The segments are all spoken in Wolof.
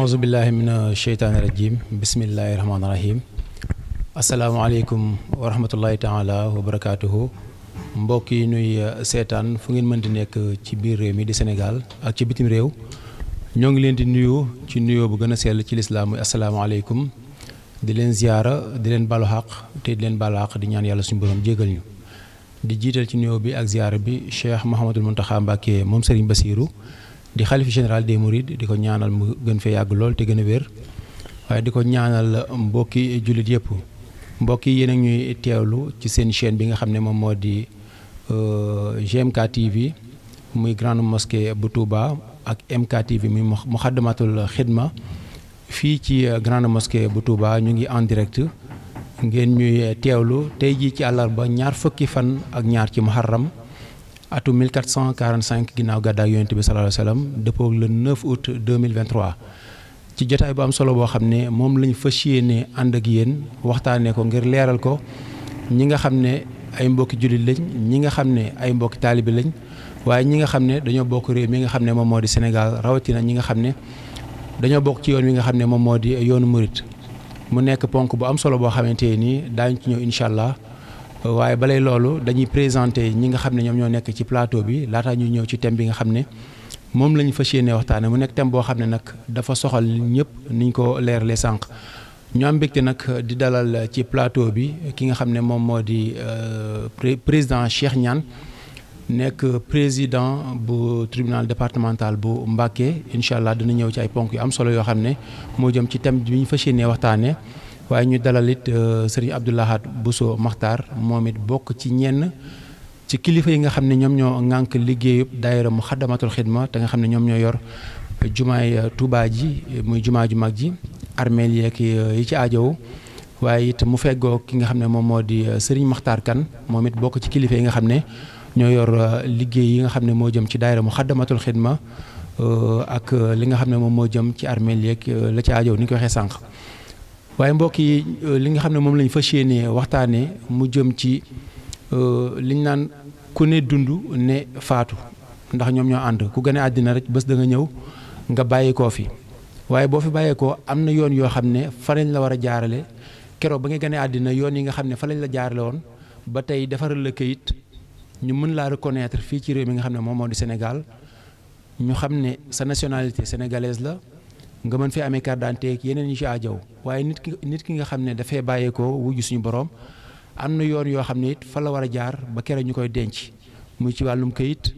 aousubillahi mina sheytaani rajim bismillahi rahmaani rahim asalaamaaleykum wa rahmatullahi taala wa barakaatuhu yi nuy uh, seetaan fu ngeen mënti nekk ci biir réew mi di Sénégal ak ci bitim réew ñoo ngi leen di nuyu ci nuyoo bu gën a sell ci lislaam muy asalaamaaleykum di leen ziyaara di leen balu xaq te di leen balu xaq di ñaan yàlla suñu borom jégal ñu di jiital ci nuyoo bi ak ziyaara bi Cheikh Mouhamadul Mountakha moom Serigne Bassirou di xalif général des Mourides di ko ñaanal mu gën fee yàgg lool te gën a wér waaye di ko ñaanal mbokki jullit yëpp mbokki yéen a ñuy teewlu ci seen chaine bi nga xam ne moom moo di euh, GMK TV muy grande mosquée bu Touba ak MK TV muy Muxaddamatul Xidma fii ci euh, grande mosquée bu Touba ñu ngi en direct ngeen ñuy teewlu tey jii ci àllarba ñaar fukki fan ak ñaar ci muharram atum 1445 ginnaaw gàddaay yonent bi sallallahu alayhi wa sallam dëppoo le 9 août 2023 ci jotaay bu am solo boo xam ne moom lañu fas yéene ànd ak yéen waxtaanee ko ngir leeral ko ñi nga xam ne ay mbokki jullit lañ ñi nga xam ne ay mbokki taalibi lañ waaye ñi nga xam ne dañoo bokk réew mi nga xam ne moom moo di Sénégal rawatina ñi nga xam ne dañoo bokk ci yoon wi nga xam ne moom moo di yoonu murit mu nekk ponk bu am solo boo xamante nii daañu ci ñëw incha allah waaye balay loolu dañuy présenter ñi nga xam ne ñoom ñoo nekk ci plateau bi laataa ñuy ñëw ci thème bi nga xam ne moom la ñu fas yéenee waxtaane mu nekk thème boo xam ne nag dafa soxal ñëpp niñ ko leeralee sànq. ñu am mbégte nag di dalal ci plateau bi ki nga xam ne moom moo di euh, président Cheikh ñaan nekk président bu tribunal départemental bu Mbacké incha allah dina ñëw ci ay ponk yu am solo yoo xam ne moo jëm ci thème bi ñu fas yéenee waxtaanee. waaye ñu dalal it euh, sëriñ Abdou Lahad Bousso Makhtar moom it bokk ci ñenn ci kilifa yi nga xam ne ñoom ñoo ŋànk liggéeyub daayira mu xaddamatul xidma te nga xam ne ñoom ñoo yor jumaay euh, Touba ji muy jumaa ju mag ji armeel yeek euh, yi ci aajowu waaye it mu feggoo ki nga xam ne moom moo di sëriñ Makhtar Kane moom bokk ci kilifa yi nga xam ne ñoo yor liggéey yi nga xam ne moo jëm ci daayira mu xaddamatul xidma ak li nga xam ne moom moo jëm ci armeel yeek la ci aajow ni ko waxee sànq. waaye mbokk yi euh, li nga xam ne moom lañ fas yéenee waxtaanee mu jëm ci euh, liñ naan ku ne dund ne faatu ndax ñoom ñoo ànd ku gën a àddina rek bés da nga ñëw nga bàyyi koo fi waaye boo fi bàyyeekoo am na yoon yoo xam ne fa lañ la war a jaarale keroog ba nga gën a àddina yoon yi nga xam ne fa lañ la jaarale woon ba tey defaral la kayit ñu mën laa reconnaître fii ci réew mi nga xam ne moom moo di Sénégal ñu xam ne sa nationalité sénégalaise la. nga mën fee amee carte d'identité ak yeneen ñu ci aajow waaye nit ki nit ki nga xam ne dafay bàyyeekoo wujj suñu boroom am na yoon yoo xam ne it fa la war a jaar ba kere ñu koy denc muy ci wàllum këyit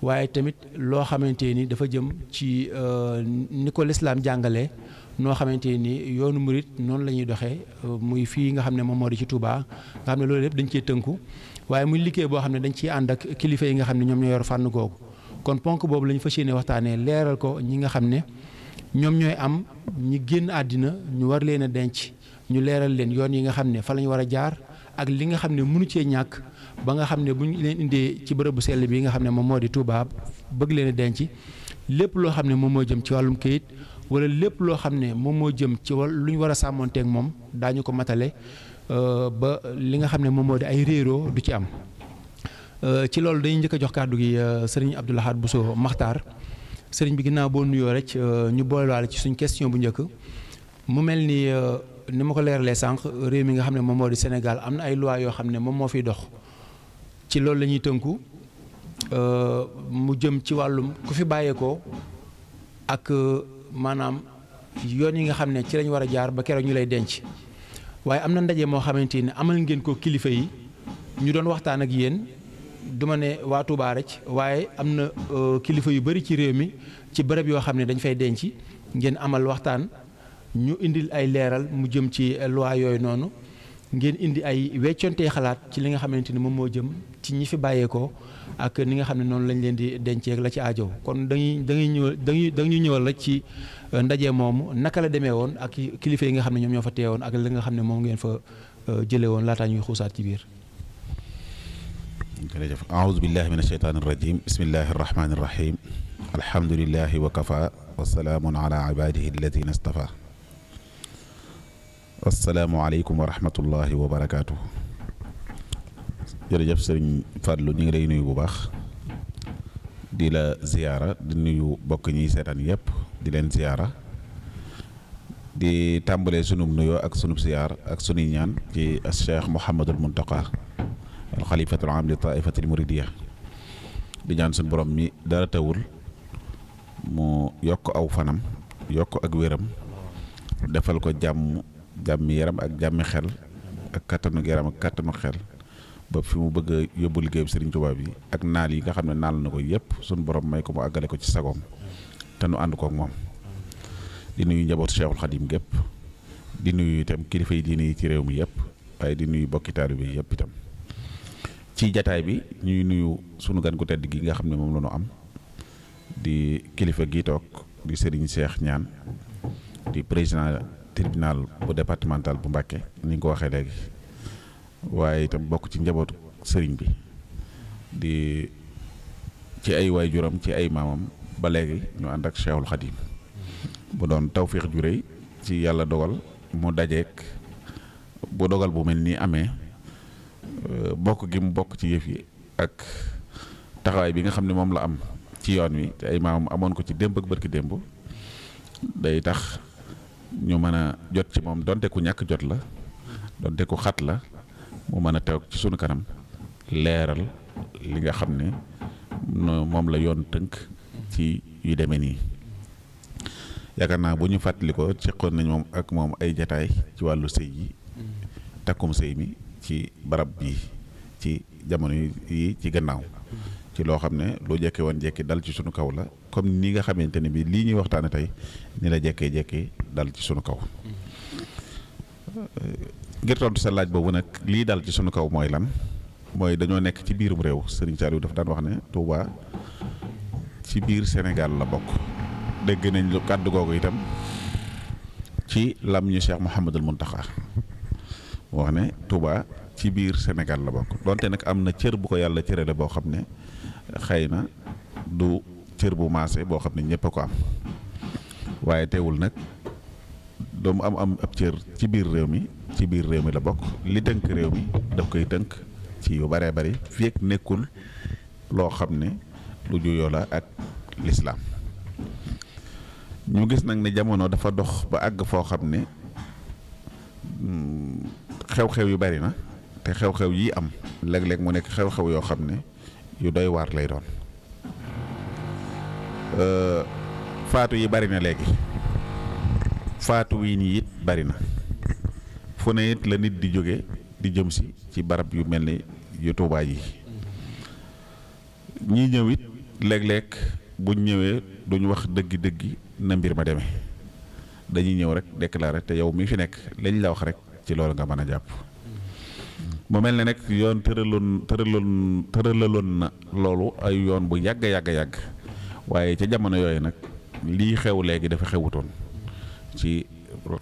waaye tamit loo xamante ni dafa jëm ci euh, ni ko lislaam jàngalee noo xamante ni yoonu murit noonu la ñuy doxee euh, muy fii nga xam ne moom moo di ci Touba nga xam ne loolu yëpp dañ cee tënku waaye muy liggéey boo xam ne dañ ciy ànd ak kilifa yi nga xam ne ñoom ñoo yor fànn googu kon ponk la waxtaanee leeral ko ñi nga xam ne. ñoom ñooy am ñi génn àddina ñu war leen a denc ñu leeral leen yoon yi nga xam ne fa la ñu war a jaar ak li nga xam ne mënu cee ñàkk ba nga xam ne bu ñu leen indee ci bërëbu sell bi nga xam ne moom moo di Touba bëgg leen denc lépp loo xam ne moom moo jëm ci wàllum kayit wala lépp loo xam ne moom moo jëm ci wàll lu ñu war a sàmmonteeg moom daañu ko matale euh, ba li nga xam ne moom moo di ay réeroo du ci am euh, ci loolu dañuy njëkk jox kàddu gi euh, sëriñ Abdou Lahad Bousso Makhtar sëriñ bi ginnaaw boo nuyoo rek euh, ñu boolewaale ci suñ question bu njëkk mu mel ni euh, ni ma ko leeralee sànq réew mi nga xam ne moom moo di Sénégal am na ay loi yoo xam ne moom moo fiy dox ci loolu lañuy tënku euh, mu jëm ci wàllum ku fi bàyyeekoo ak maanaam yoon yi nga xam ne ci lañu war a jaar ba keroog ñu lay denc waaye am na ndaje moo xamante ni amal ngeen ko kilifa yi ñu doon waxtaan ak yéen. du ma ne waa Touba rek waaye am na euh, kilifa yu bari ci réew mi ci bërëb yoo xam ne dañ fay denc ngeen amal waxtaan ñu indil ay leeral mu jëm ci loi yooyu noonu ngeen indi ay weccontee xalaat ci li nga xamante ni moom moo jëm ci ñi fi bàyyeekoo ak ni nga xam ne noonu lañ leen di denceek la ci ajo kon dañuy dañuy ñëw dañuy dañuy ñëwal rek ci euh, ndaje moomu naka la demee woon ak kilifa yi nga xam ne ñoom ñoo fa teewoon ak li nga xam ne moom ngeen fa euh, jëlee woon laataa ñuy xuusaat ci biir. jërëjëf aoudu billahi min asheytaani irrajim bismillahi arrahmani irrahim alhamdulilahi wa kafa wasalaamun ala ibadihi alladina istafa assalaamu aleykum wa rahmatullahi wa barakatuh jërëjëf sëriñ Fadlu ñu ngi lay nuyu bu baax di la ziyaara di nuyu bokk ñiy seetaan yëpp di leen ziyaara di tàmbalee sunub nuyoo ak sunub ziyaar ak sunuy ñaan ci Cheikh Mouhamadul Muntaqa alxalifatul am li taifatil muridiya di ñaan suñu borom mi dara tawul mu yokk aw fanam yokk ak wéram defal ko jàmm jàmm yaram ak jàmmi xel ak kattanu yaram ak kattanu xel ba fi mu bëgg a yóbbu liggéeyam Serigne Touba bi ak naal yi nga xam ne naal na ko yëpp suñu borom may ko mu àggale ko ci sagoom te nu ànd kook moom di nuyu njabootu Cheikhul Khadim gépp di nuyu itam kilifa yi diine yi ci réew mi yëpp waaye di nuyu bokki taalibe yi itam. ci jataay bi ñuy nuyu sunu gan gu tedd gi nga xam ne moom la ñu am di kilifa gi toog di Serigne Cheikh Niane di président tribunal bu départemental bu Mbacké ni nga ko waxee léegi waaye itam bokk ci njabootu sëriñ bi di ci ay waajuram ci ay maamam ba léegi ñu ànd ak Cheikhul Khadim bu doon tawféex ju réy ci yàlla dogal mu dajeek bu dogal bu mel nii amee. Euh, bokk gi mu bokk ci yëf yi ak taxawaay bi nga xam ne moom la am ci yoon wi ay maam amoon ko ci démb ak bërki démb day tax ñu mën a jot ci moom donte ku ñàkk jot la donte ku xat la mu mën a teew ci sunu kanam leeral li nga xam ne moom la yoon tënk ci yu demee nii yaakaar naa bu ñu fàttali ko ci xoon nañ moom ak moom ay jataay ci wàllu sëy yi takkum sëy mi ci barab bii ci jamono yi ci gannaaw ci loo xam ne lu jekke woon jekki dal ci sunu kaw la comme ni nga xamante ne bi lii ñuy waxtaane tey ni la jekkee jekki dal ci sunu kaw euh, ngir tontu sa laaj boobu nag lii dal ci sunu kaw mooy lan mooy dañoo nekk ci biirum réew Serigne Saliou dafa daan wax ne Touba ci biir Sénégal la bokk dégg nañ kàdd kàddu googu itam ci lam ñu Cheikh Mouhamadul taxa wax ne Touba ci biir senegal la bokk donte nag am na cër bu ko yàlla cërale boo xam ne xëy na du cër bu maase boo xam ne ñëpp a ko am waaye teewul nag doomu am am ab cër ci biir réew mi ci biir réew mi la bokk li tënk réew mi daf koy tënk ci yu baree bari fii ak nekkul loo xam ne lu juyoo la ak lislaam ñu gis nag ne jamono dafa dox ba àgg foo xam ne. Hmm, xew-xew yu bari na te xew-xew yi am léeg-léeg mu nekk xew-xew yoo xam ne yu doy waar lay doon euh, faatu yi bari na léegi faatu yi nii it bari na fu ne it la nit di jóge di jëm si ci barab yu mel ni yu tuubaay yi ñii ñëw it léeg-léeg buñ ñëwee duñ wax dëgg-dëgg na mbir ma deme dañuy ñëw rek déclarer te yow mi fi nekk lañ la wax rek. ci loolu nga mën a jàpp mu mel ne nag yoon tëraloon tëraloon tëralaloon na loolu ay yoon bu yàgg yàgg yàgg waaye ca jamono yooyu nag lii xew léegi dafa xewutoon ci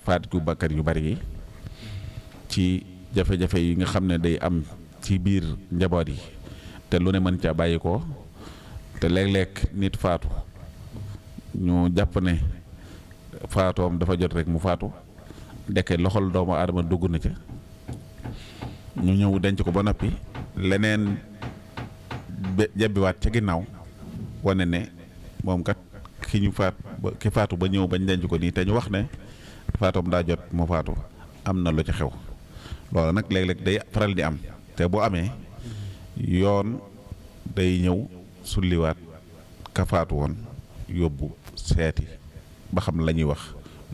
faat gu bakkan yu bari yi ci jafe-jafe yi nga xam ne day am ci biir njaboot yi te lu ne mën caa bàyyi ko te léeg-léeg nit faatu ñu jàpp ne faatoom dafa jot rek mu faatu ndeke loxol doomu aadama dugg na ca ñu ñëw denc ko ba noppi leneen jebbiwaat ca ginnaaw wane ne moom kat ki ñu faat ba ki faatu ba ñëw bañ denc ko nii te ñu wax ne faatoom daa jot mu faatu am na lu ca xew loolu nag léeg-léeg day faral di am te bu amee yoon day ñëw sulliwaat ka faatu woon yóbbu seeti ba xam la wax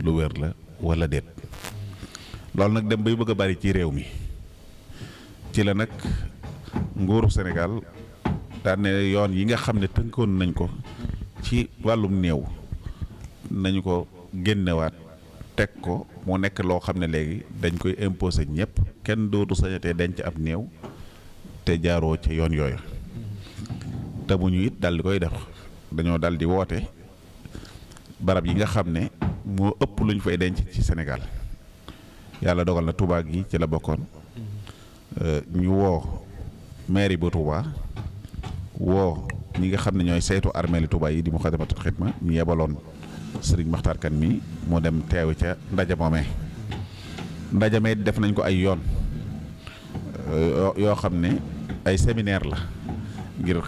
lu wér la walla déet loolu nag dem bay bëgg a bari ci réew mi ci la nag nguuru Sénégal daan yoon yi nga xam ne tënkoon nañ ko ci wàllum néew nañu ko génnewaat teg ko mu nekk loo xam ne léegi dañ koy imposer ñëpp kenn dootu sañatee denc ab néew te jaaroo ca yoon yooyu te bu ñu it dal di koy def dañoo dal di woote barab yi nga xam ne moo ëpp lu ñu fay denc ci Sénégal yàlla dogal na Touba yi ci la bokkoon euh, ñu woo mairie bu tubaa woo ñi nga xam ne ñooy saytu armeeli Touba yi di Moukhaddamatoul Khidma ñu yebaloon sëriñ Makhtar Kane mi moo dem teew ca ndaje moomee ndaje def nañ ko ay yoon euh, yoo xam ne ay séminaire la ngir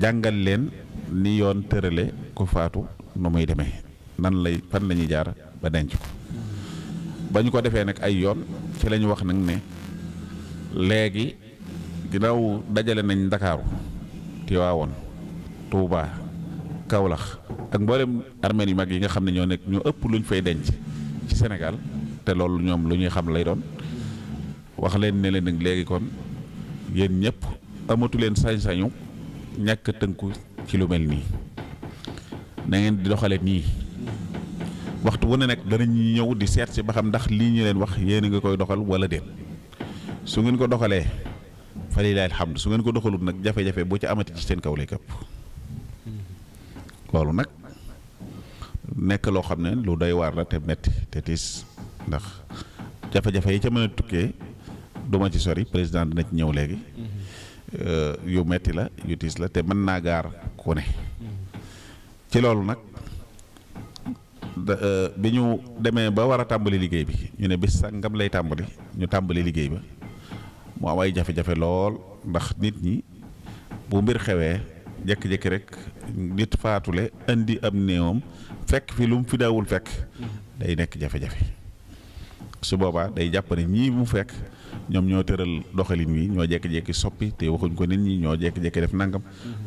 jàngal leen ni yoon tërale ku faatu nu muy demee nan lay fan la ñuy jaar ba denc ko ba ñu ko defee nag ay yoon ci la wax nag ne léegi ginnaaw dajale nañ ndakaaru Tiwaawoon Tuubaa Kawlax ak mboolem armée yu mag yi nga xam ne ñoo nekk ñoo ëpp lu ñu fay denc ci Sénégal te loolu ñoom lu ñuy xam lay doon wax leen ne leen nag léegi kon yéen ñëpp amatu leen sañ-sañu ñàkk tënku ci lu mel nii na ngeen di doxale nii waxtu wu ne nag danañ ñëw di seet si ba xam ndax lii ñu leen wax yéen a ngi koy doxal wala déet su ngeen ko doxalee fa lillahi alhamdu su ngeen ko doxalut nag jafe-jafe boo ci amati ci seen kaw lay këpp loolu nag nekk loo xam ne lu day waar la te metti te tiis ndax jafe-jafe yi ca mën a tukkee duma ci sori président dina ci ñëw léegi mm-hmm. euh, yu metti la yu tiis la te mën naa gaar ku ne mm-hmm. ci loolu nag Euh, bi ñu demee ba war a tàmbali liggéey bi ñu ne bis sangam lay tàmbali ñu tàmbali liggéey ba mu am jafe-jafe lool ndax nit ñi bu mbir xewee jékki-jékki rek nit faatule indi am néewam fekk fi lu mu fi daawul fekk day nekk jafe-jafe su boobaa day jàppale ne ñii mu fekk ñoom ñoo tëral doxalin wi ñoo jékki-jékki soppi te waxuñ ko nit ñi ñoo jékki-jékki def nangam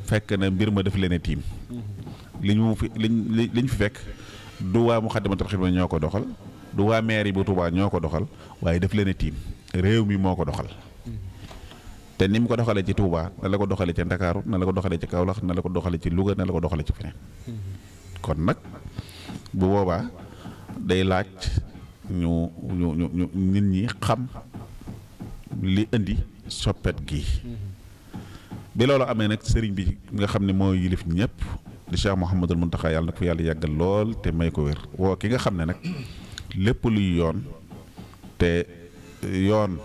fekk na mbir ma def leen a tiim mm-hmm. li ñu fi liñ liñ fi fekk du waa Muxaddamatul Xidma ñoo ko doxal du waa maire yi bu Tuubaa ñoo ko doxal waaye daf leen a tiim réew mi moo ko doxal te ni mu ko doxalee ci Touba na la ko doxalee ci Ndakaaru na la ko doxalee ci Kaolack na la ko doxalee ci Louga na la ko doxalee ci feneen kon nag bu boobaa day laaj ñu ñu ñu nit ñi xam li indi soppet gi bi loolu amee nag sëriñ bi nga xam ne moo yilif ñëpp di Cheikh Mouhamadul Mountakha yàlla na ko yàlla yàggal lool te may ko wér woo ki nga xam ne nag lépp luy yoon te yoon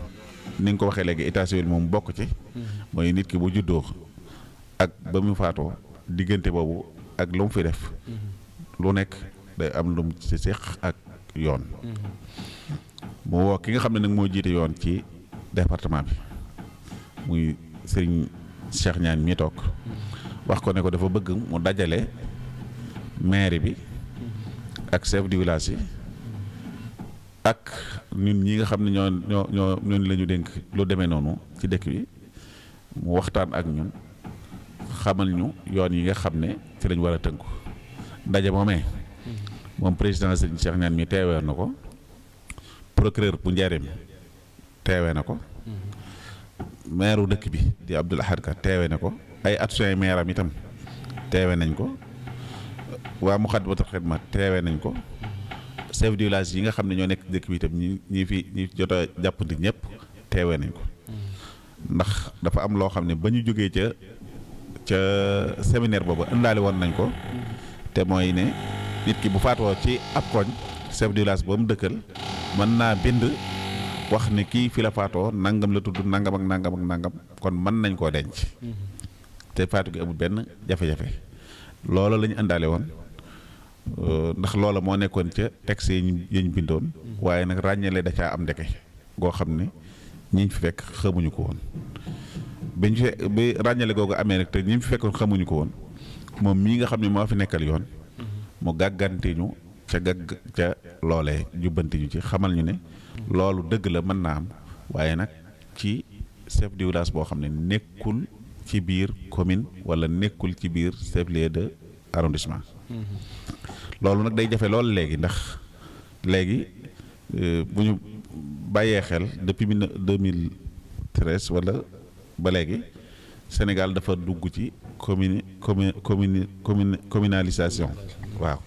ni ko waxee léegi état moom bokk ci. mooy nit ki bu juddoo ak ba mu faatoo diggante boobu ak lu mu fi def. lu nekk day am lu mu ci seq ak yoon. mu woo ki nga xam ne nag moo jiite yoon ci département bi muy sëriñ Cheikh Ñaan mi toog. wax ko ne ko dafa bëgg mu dajale maire bi ak chef du village yi ak ñun ñi nga xam ne ñoo ñoo ñoo ñooñu la ñu dénk lu demee noonu ci dëkk bi mu waxtaan ak ñun xamal ñu yoon yi nga xam ne ci lañ war a tënku ndaje moomee moom président Serigne Cheikh Niane mi teewee na ko procureur bu Njaareem teewee na ko mhm. maire dëkk bi di Abdoul Ahad Ka teewee na ko ay adjoint maire am itam teewe nañ ko waa Moukhaddamatoul Khidma teewe nañ ko chef yi nga xam ne ñoo nekk dëkk bi itam ñi ñi fi ñi jot a jàppandi ñëpp teewee nañ ko ndax dafa am loo xam ne ba ñu jógee ca ca séminaire boobu ëndaale woon nañ ko te mooy ne nit ki bu faatoo ci ab koñ chef du mu dëkkal mën naa bind wax ne kii fi la faatoo nangam la tudd nangam ak nangam ak nangam kon mën nañ koo denc te faatu gi amul benn jafe-jafe euh, loola la ñu àndaale woon ndax loolo moo nekkoon ca texte yi ñu bindoon waaye nag ràññale da caa am ndeke goo xam ne ñiñ fi fekk xamuñu ko woon biñ fi bi ràññale googu amee rek te ñi fi fekkoon xamuñu ko woon moom mii nga xam ne moo fi nekkal yoon mu gàgganti ñu ca gàgg ca loole jubbanti ñu ci xamal ñu ne loolu dëgg la mën naa am waaye nag ci chef de village boo xam ne nekkul ci biir commune wala nekkul ci biir chef de arrondissement. loolu nag day jafe lool léegi ndax léegi euh, bu ñu bàyyee xel depuis mille deux mille treize wala ba léegi Sénégal dafa dugg ci commune commune commune communalisation waaw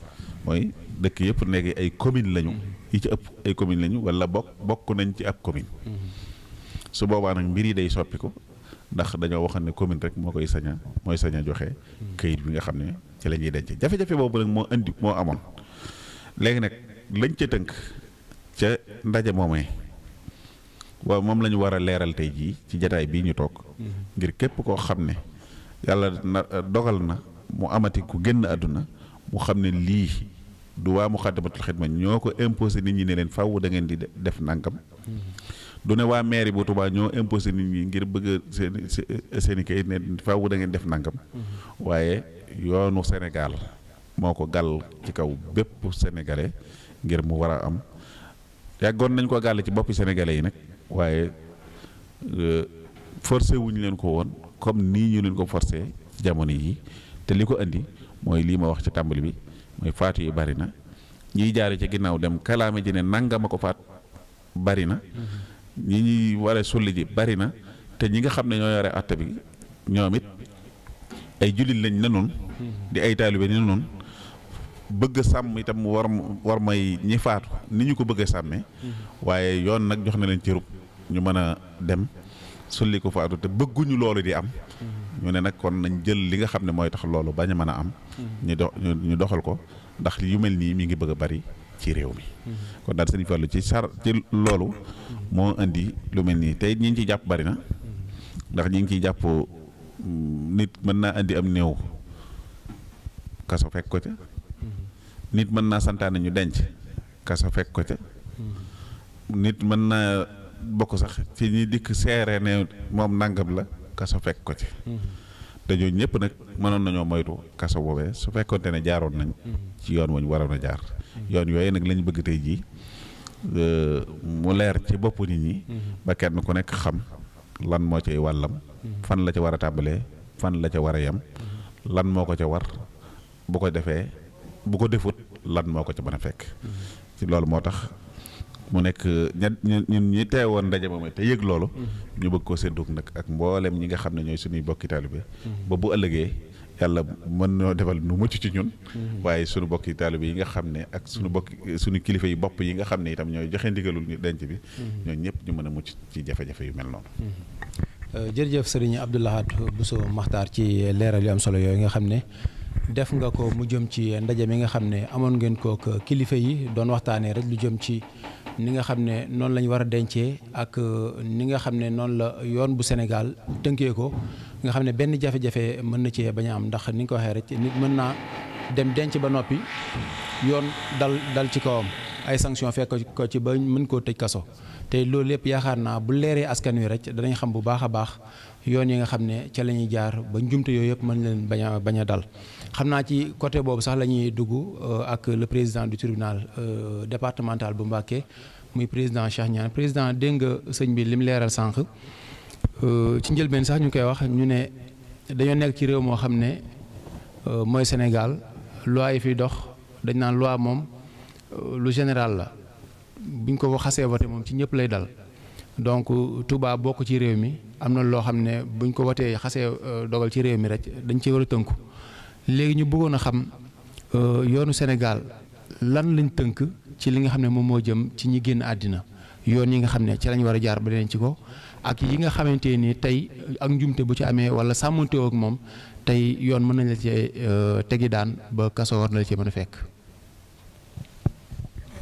mooy dëkk yëpp léegi ay commune lañu. yi ci ëpp ay commune lañu wala bokk bokk nañ ci ab commune. Mm-hmm. su boobaa nag mbir yi day soppiku ndax dañoo waxoon ne commune rek moo koy sañ mooy sañ joxe kayit bi nga xam ne ci la ñuy denc jafe-jafe boobu nag moo indi moo amoon léegi nag lañ ca tënk ca ndaje moomee waaw moom lañu ñu war a leeral tey jii ci jataay bii ñu toog ngir képp koo xam ne yàlla na dogal na mu amati ku génn àdduna mu xam ne lii du waa xet ma ñoo ko imposé nit ñi ne leen faw dangeen di def nangam. du ne waa mairie bu Touba ñoo imposé nit ñi ngir bëgg seen seen i kayit da ngeen def nangam. waaye yoonu Sénégal moo ko gàll ci kaw bépp sénégalais ngir mu war a am yàggoon nañ ko gàll ci boppi sénégalais yi nag waaye euh, forcé wuñu leen ko woon comme nii ñu leen ko forcé jamono yi te li ko indi mooy lii ma wax ci tàmbali bi. mooy faatu yi bari na ñiy jaare ci ginnaaw dem kalaame ji ne nangama ko faat bari na ñi ñuy war a sulli ji bari na te ñi nga xam ne ñoo yore àtte bi ñoom it ay jullit lañ ne di ay taalibe ne noonu bëgg sàmm itam war war ni ñu ko bëgg a waaye yoon nag jox na leen ci ñu mën a dem sulli ko faatu te bëgguñu loolu di am ñu ne nag kon nañ jël li nga xam ne mooy tax loolu bañ a mën a am. Mm-hmm. ñu doxal ko ndax yu mel nii mi ngi bëgg a bari ci réew mi. Mm-hmm. kon daal sëñ Fallou ci sar ci loolu. Mm-hmm. moo indi lu mel nii tey ñi ciy jàpp bari na. ndax ñi ngi ciy jàpp mm, nit mën naa indi am néew kaso ko ca. nit mën naa santaane ñu denc kaso fekk ko ca. nit mën naa bokk sax ci ñi dikk seere ne moom nangam la. kaso fekk ko ci. dañoo ñëpp nag mënoon nañoo moytu kaso boobee su fekkoonte ne jaaroon nañ. ci yoon wu ñu a jaar. yoon yooyu nag lañ bëgg tey jii euh, mu leer ci bopp nit ñi. ba kenn ku nekk xam lan moo cay wàllam. fan la ci war a tàmbalee fan la ca war a yem. lan moo ko ca war bu ko defee bu ko defut lan moo ko ci mën a fekk. ci loolu moo tax. mu nekk ñun ñun woon teewoon ndaje moom te yëg loolu. ñu bëgg koo séddu nag ak mboolem ñi nga xam ne ñooy suñuy bokki taalibe ba bu ëllëgee yàlla mën ñoo defal nu mucc ci ñun. waaye suñu bokki taalibe yi nga xam ne ak suñu bokki suñu kilifa yi bopp yi nga xam ne itam ñooy joxe ndigalul ñu bi. ñooñu ñëpp ñu mën a mucc ci jafe yu mel noonu. Euh, jërëjëf sëriñ Abdou Lahad Bousso Makhtar ci leeral yu am solo yooyu nga xam ne. def nga ko mu jëm ci ndaje mi nga xam ne amoon ngeen kook kilifa yi doon waxtaanee rek lu jëm ci ni nga xam ne noonu la war a dencee ak euh, ni nga xam ne noonu la yoon bu Sénégal tënkee ko nga xam ne benn jafe-jafe mën na cee bañ am ndax ni nga ko waxee rek nit mën naa dem denc ba noppi yoon dal dal ci kawam ay sanction fekk ko ci ba mën koo tëj kaso te loolu yëpp yaakaar naa bu leeree askan wi rek danañ xam bu baax a baax yoon yi nga xam ne ca la ñuy jaar ba njumte yooyu yëpp mën leen bañ a bañ a dal xam naa ci côté boobu sax la ñuy dugg euh, ak le président du tribunal euh, départemental bu Mbacké muy président Cheikh Niane président dégg nga sëñ bi lim leeral sànq euh, ci njëlbeen sax ñu koy wax ñu ne dañoo nekk ci réew moo xam ne mooy Sénégal loi yi dox dañ naan loi moom lu général la buñ ko xasee voté moom ci ñëpp lay dal. donc Touba bokk ci réew mi am na loo xam ne buñ ko watee xasee dogal ci réew mi rek dañ ci war a tënku léegi ñu bëggoon a xam euh, yoonu Sénégal lan lañ tënk ci li nga xam ne moom moo jëm ci ñi génn àddina yoon yi nga xam ne ci lañ war a jaar ba deneen ci ko ak yi nga xamante ni tey ak njumte bu ci amee wala sàmmante ak moom tey yoon mën nañ la cee euh, teggi daan ba kaso war na la cee mën a fekk.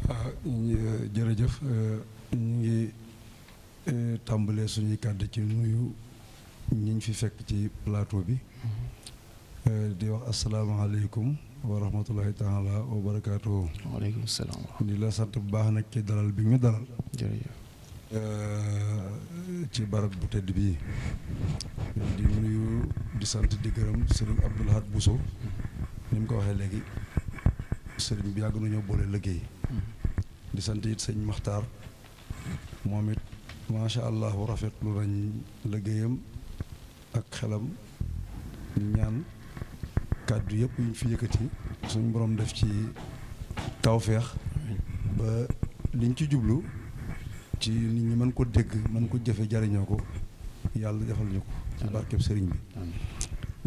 Ah, euh, jërëjëf ñu ngi tàmbalee suñuy kàddu ci nuyu ñiñ fi fekk ci plateau bi. Mm-hmm. Euh, di wax asalaamaaleykum wa rahmatulahi taala wa barakaatu. waaleykum salaam. di la sant bu baax nag ci dalal bi ñu dalal. jërëjëf. Euh, ci barab bu tëdd bii di nuyu di sant di gërëm sëriñ Abdou Lahad Bousso ni mu ko waxee léegi sëriñ bi yàgg nañu boole liggéey mm-hmm. di sant it sëñ Maxtaar moom it macha allah rafetlu nañ liggéeyam ak xelam ñaan. kàddu yëpp yu ñu fi yëkkati suñ boroom def ci tawféex ba liñ ci jublu ci nit ñi mën ko dégg mën ko jëfe jariñoo ko yàlla defal ñu ko ci barkeb sëriñ bi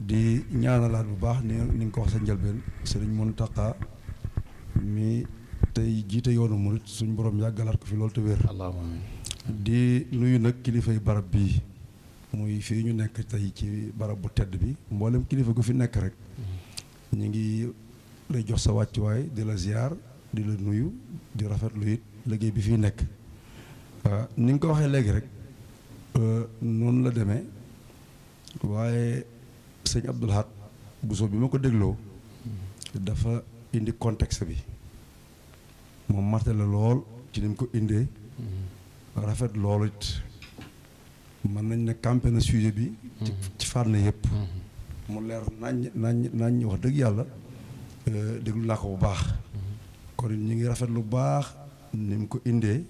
di ñaanalaat bu baax ni ni nga ko wax sa njëlbeen sëriñ Mountakha mi tey jiite yoonu murit suñ boroom yàggalaat ko fi loolu te wér di nuyu nag kilifay barab bii muy fii ñu nekk tey ci barab bu tedd bi mboolem kilifa gu fi nekk rek mm-hmm. ñu ngi lay jox sa wàccuwaay di la ziar di la nuyu di rafetlu it liggéey bi fii nekk ah, ni nga ko waxee léegi rek euh, noonu la demee waaye sëñ Abdul Ahad Bousso bi ma ko dégloo dafa indi contexte bi moom martelé lool ci ni mu ko indee rafet lool it mën nañ ne campé na sujet bi ci fànn yëpp mu leer nañ nañ nañ wax dëgg yàlla euh, déglu naa ko bu baax kon ñu ngi rafet lu baax ni mu ko indee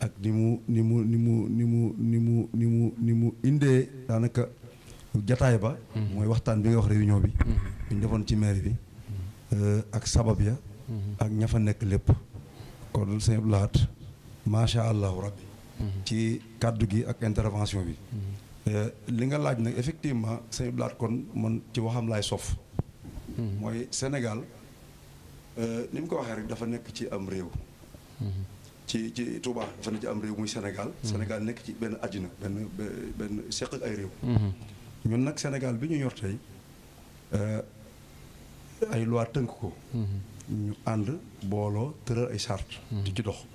ak ni mu ni mu ni mu ni mu ni mu ni mu ni mu indee daanaka jataay ba mooy waxtaan bi nga wax réunion bi ñu defoon ci maire bi euh, ak sabab ya ak ña fa nekk lépp kon sëñ Abdou Lahad macha allahu rabbi ci kàddu gi ak intervention bi Euh, li nga laaj nag effectivement sëñ Blaat kon man ci waxam laay sof hmm. mooy Sénégal euh, ni mu ko waxee rek dafa nekk ci am réew hmm. ci ci Touba dafa nekk ci am réew muy Sénégal hmm. Sénégal nekk ci benn àddina benn benn seq ay réew ñun nag Sénégal bi ñu yor euh, ay loi tënk ko ñu ànd booloo tëral ay charte di ci dox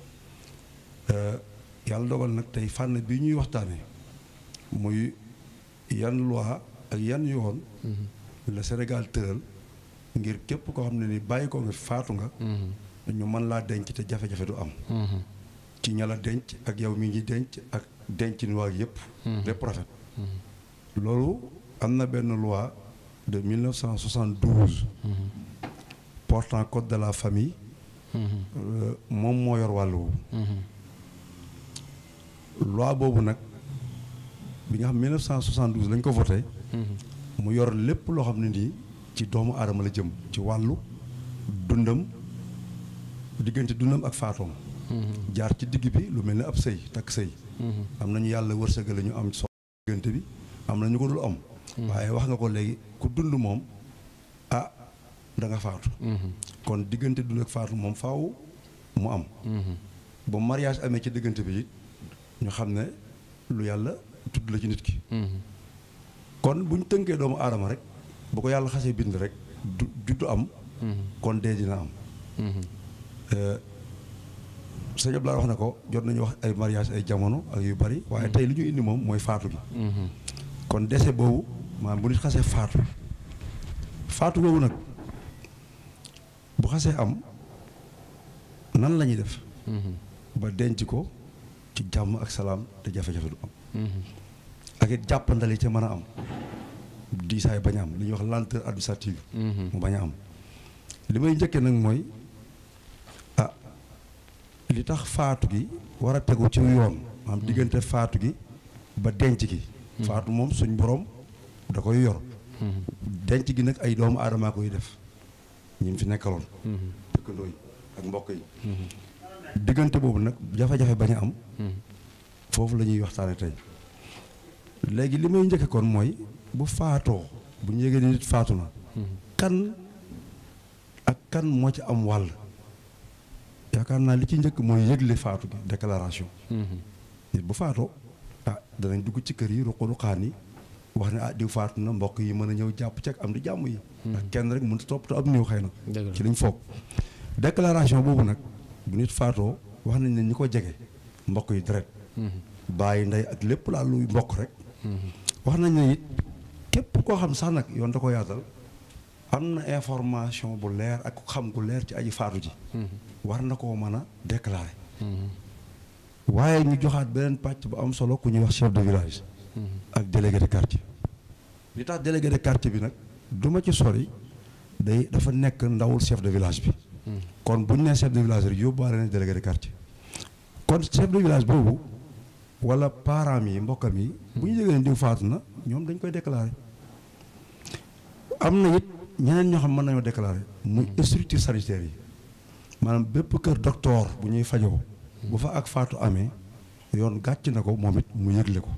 yàlla dogal nag tey fànn bi ñuy waxtaanee muy yan loi ak yan yoon mm-hmm. la Sénégal tëral ngir képp koo xam ne ni bàyyi ko nga faatu nga mm-hmm. ñu mën laa denc te jafe-jafe du am mm-hmm. ci ñala denc ak yow mi ngi denc ak denc ni waa yëpp lépp rafet loolu am na benn loi de 1972 portant code de la famille euh, moom moo yor wàll woowu loi boobu nag bi nga xam 1972 lañ ko voté. mu yor lépp loo xam ne nii ci doomu aadama la jëm ci wàllu dundam diggante dundam ak faatoom. jaar ci digg bi lu mel ni ab sëy takk sëy. am nañu yàlla wërsëgale ñu am soxla diggante bi am na ñu ko dul am. waaye wax nga ko léegi ku dund moom ah da nga faatu. kon diggante dund faatu moom faw mu am. Mm-hmm. ba mariage amee ci diggante bi it ñu xam ne lu yàlla. tudd la ci nit ki. Mm-hmm. kon bu ñu tënkee doomu aadama rek bu ko yàlla xasee bind rek du juddu am. Mm-hmm. kon dee dina am. Mm-hmm. Euh, sëñ Abdoulaye wax na ko jot nañu wax ay mariage ay jamono ak yu bari waaye tey li ñu indi moom mooy faatu gi. kon dese boobu maanaam bu nit xasee faatu faatu boobu nag bu xasee am nan la def. ba denc ko ci jàmm ak salaam te jafe-jafe du am. ak it jàppandale ca mën a am diisaay bañ am li ñuy wax lenteur administrative mhm. mu bañ a am li may njëkkee nag mooy ah li tax faatu gi war a tegu ci yoon maanaam mhm. diggante faatu gi ba denc gi mhm. faatu moom suñ boroom da koy yor denc gi nag ay doomu aadamaa koy def ñi fi nekkaloon dëkkandoo yi ak mbokk yi diggante boobu nag jafe-jafe bañ a am foofu la ñuy waxtaane tey léegi li may njëkk kon mooy bu faatoo bu ñu yëgee ni nit faatu na kan ak kan moo ci am wàll yaakaar naa li ci njëkk mooy yëgle faatu gi déclaration nit bu faatoo ah danañ dugg ci kër yi ruqu ruqaan yi wax ne ah diw faatu na mbokk yi mën a ñëw jàpp ci am di jàmm yi ndax kenn rek mënut a toppatoo ab néew xëy na ci liñ foog déclaration boobu nag bu nit faatoo wax nañ ne ñi ko jege mbokk yi direct bàyyi ndey ak lépp laa luy mbokk rek. wax nañ ne képp koo xam sax nag yoon da ko yaatal am na information bu leer ak xam ku leer ci aji faatu ji. war na koo mën a déclarer. waaye ñu joxaat beneen pàcc bu am solo ku ñuy wax chef de village. ak délégué de quartier. li tax délégué de quartier bi nag du ma ci sori day dafa nekk ndawul chef de village bi. kon bu ñu nee chef de village rek yóbbuwaale na délégué de quartier. kon chef de village boobu. wala parents yi mbokkam yi. bu ñu yëgee ne diw faatu na ñoom dañ koy déclarer. am na it ñeneen ñoo xam mën nañoo déclarer. muy structure sanitaire yi. maanaam bépp kër docteur bu ñuy fajoo. bu fa ak faatu amee yoon gàcc na ko moom it mu yëgle ko.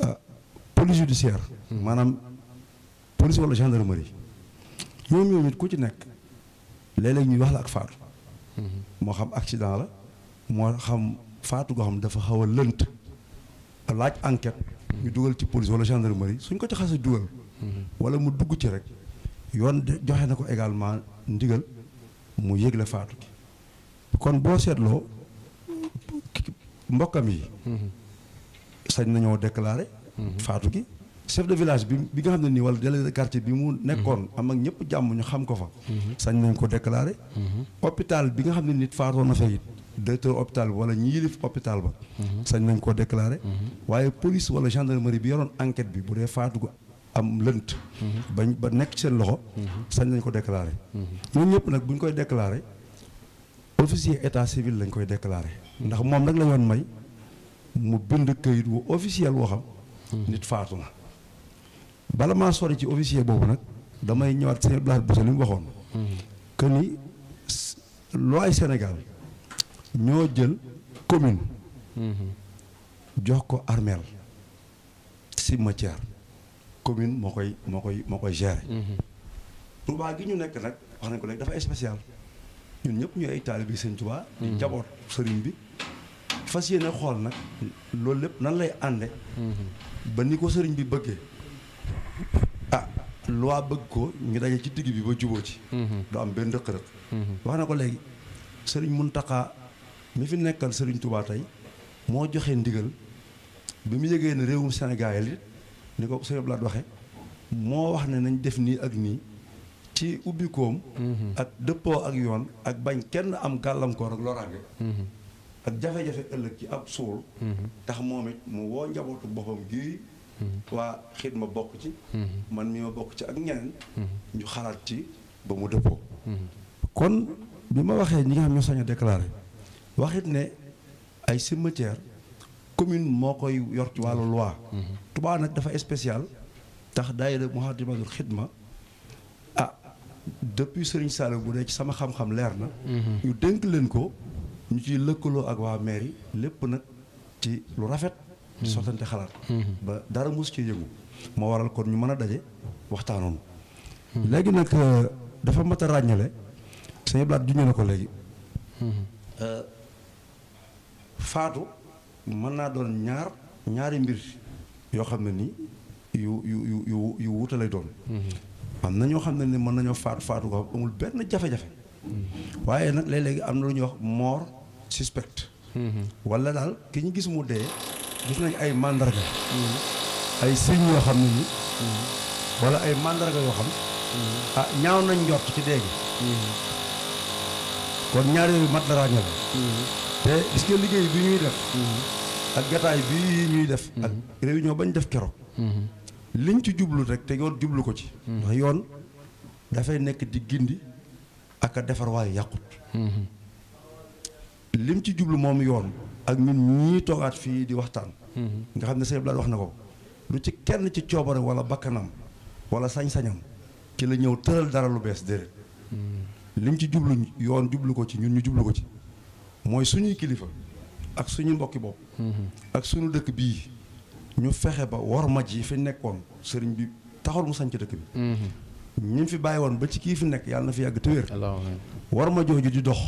Ah, police judiciaire. maanaam police wala gendarmerie. ñoom ñoom it ku ci nekk. léeg ñuy wax la ak faatu. Mm-hmm. moo xam accident la moo xam faatu goo xam dafa xaw a lënt laaj enquet ñu dugal ci police wala gendarmerie suñ ko ci xasee dugal wala mu dugg ci rek yoon joxe na ko également ndigal mu yëgle faatu gi kon boo seetloo mbokkam yi sañ nañoo déclaré faatu gi chef de village bi bi nga xam ne nii wala délégué de quartier bi mu nekkoon am ak ñëpp jàmm ñu xam ko fa sañ nañ ko déclaré hôpital bi nga xam ne nit faatoo na it directeur hôpital ba wala ñi yilif hôpital ba mhm. sañ nañ koo déclarer mhm. waaye police wala gendarmerie bi yoroon enquête bi bu dee faatu gu am lënt mhm. bañ ba nekk seen loxo sañ nañ ko déclarer ñun ñëpp nag buñ koy déclarer officier état civil lañ koy déclarer ndax moom nag la yoon may mu bind këyit wu officiel woo xam nit faatu na bala maa sori ci officier boobu nag damay ñëwaat seen place bu li mu waxoon que ni loi Sénégal ñoo jël commune. Mhm. jox ko armeel si cimetière commune moo koy moo koy moo koy gérer. Mhm. gi ñu nekk nag wax nañ ko léegi dafa spécial ñun ñëpp ñu ay taalibe bi Sëñ Touba. di mhm. njaboot sëriñ bi. fas yéene xool nag loolu lépp nan lay ànde ba ni ko sëriñ bi bëggee ah loi bëgg ko ñu daje ci digg bi ba juboo ci. du am benn rëq-rëq. wax na ko léegi sëriñ Mountakha mi fi nekkal Serigne Touba tey moo joxe ndigal bi mu yëgee ne réewum Sénégal it ni ko Serigne Blaat waxe moo wax ne nañ def nii ak nii ci ubbikoom mhm. ak dëppoo ak yoon ak bañ kenn am gàllankoor ak loraange mhm. ak jafe-jafe ëllëg ci ab suul mhm. tax moom it mu woo njabootu boppam gii waa xit ma bokk ci man mi ma bokk ci ak ñeneen ñu xalaat ci ba mu dëppoo kon bi ma waxee ñi nga xam ñoo sañ a waxit ne ay cimetière commune moo koy yor ci wàllu loi. Touba nag dafa spécial tax daayira Muxaddamatul Xidma ah depuis Serigne Saliou bu dee ci sama xam-xam leer na. Mhm. ñu dénk leen ko ñu ci lëkkaloo ak waa mairie lépp nag ci lu rafet. di mhm. sottante xalaat. Mhm. ba dara mos ci yëngu. moo waral kon ñu mën a daje waxtaanoon. léegi nag euh, dafa mat a ràññale. sëñ Blaat juñu na ko léegi. Euh, faatu mën naa doon ñaar ñaari mbir yoo xam ne nii yu yu yu yu yu doon. Mm-hmm. am na ñoo xam ne ni mën nañoo faat faatu ko amul benn jafe-jafe. Mm-hmm. waaye nag léeg-léegi am na lu ñuy wax mort suspect. Mm-hmm. wala daal ki ñu gis mu dee gis nañ ay mandarga. ay signes yoo xam ne nii. wala ay mandarga yoo xam. ah ñaaw nañ njort ci dee kon ñaar yooyu la te gis liggéey bi ñuy def. ak gataay bi ñuy def. ak réunion bañ def keroog. liñ ci jublu rek te yoon jublu ko ci. ndax yoon dafay nekk di gindi ak a defar waaye yàqut. lim ci jublu moom yoon ak ñun ñii toogaat fii di waxtaan. nga xam ne sëñ Blanc wax na ko lu ci kenn ci coobare wala bakkanam wala sañ-sañam ci la ñëw tëral dara lu bees déedéet. lim ci jublu yoon jublu ko ci ñun ñu jublu ko ci. mooy suñuy kilifa ak suñu mbokki bopp mm-hmm. ak suñu dëkk bii ñu fexe ba worma yi fi nekkoon sëriñ bi taxul mu sanc dëkk bi mm-hmm. ñi fi bàyyi woon ba ci kii fi nekk yàlla na fi yàgg te wér worma jooju di dox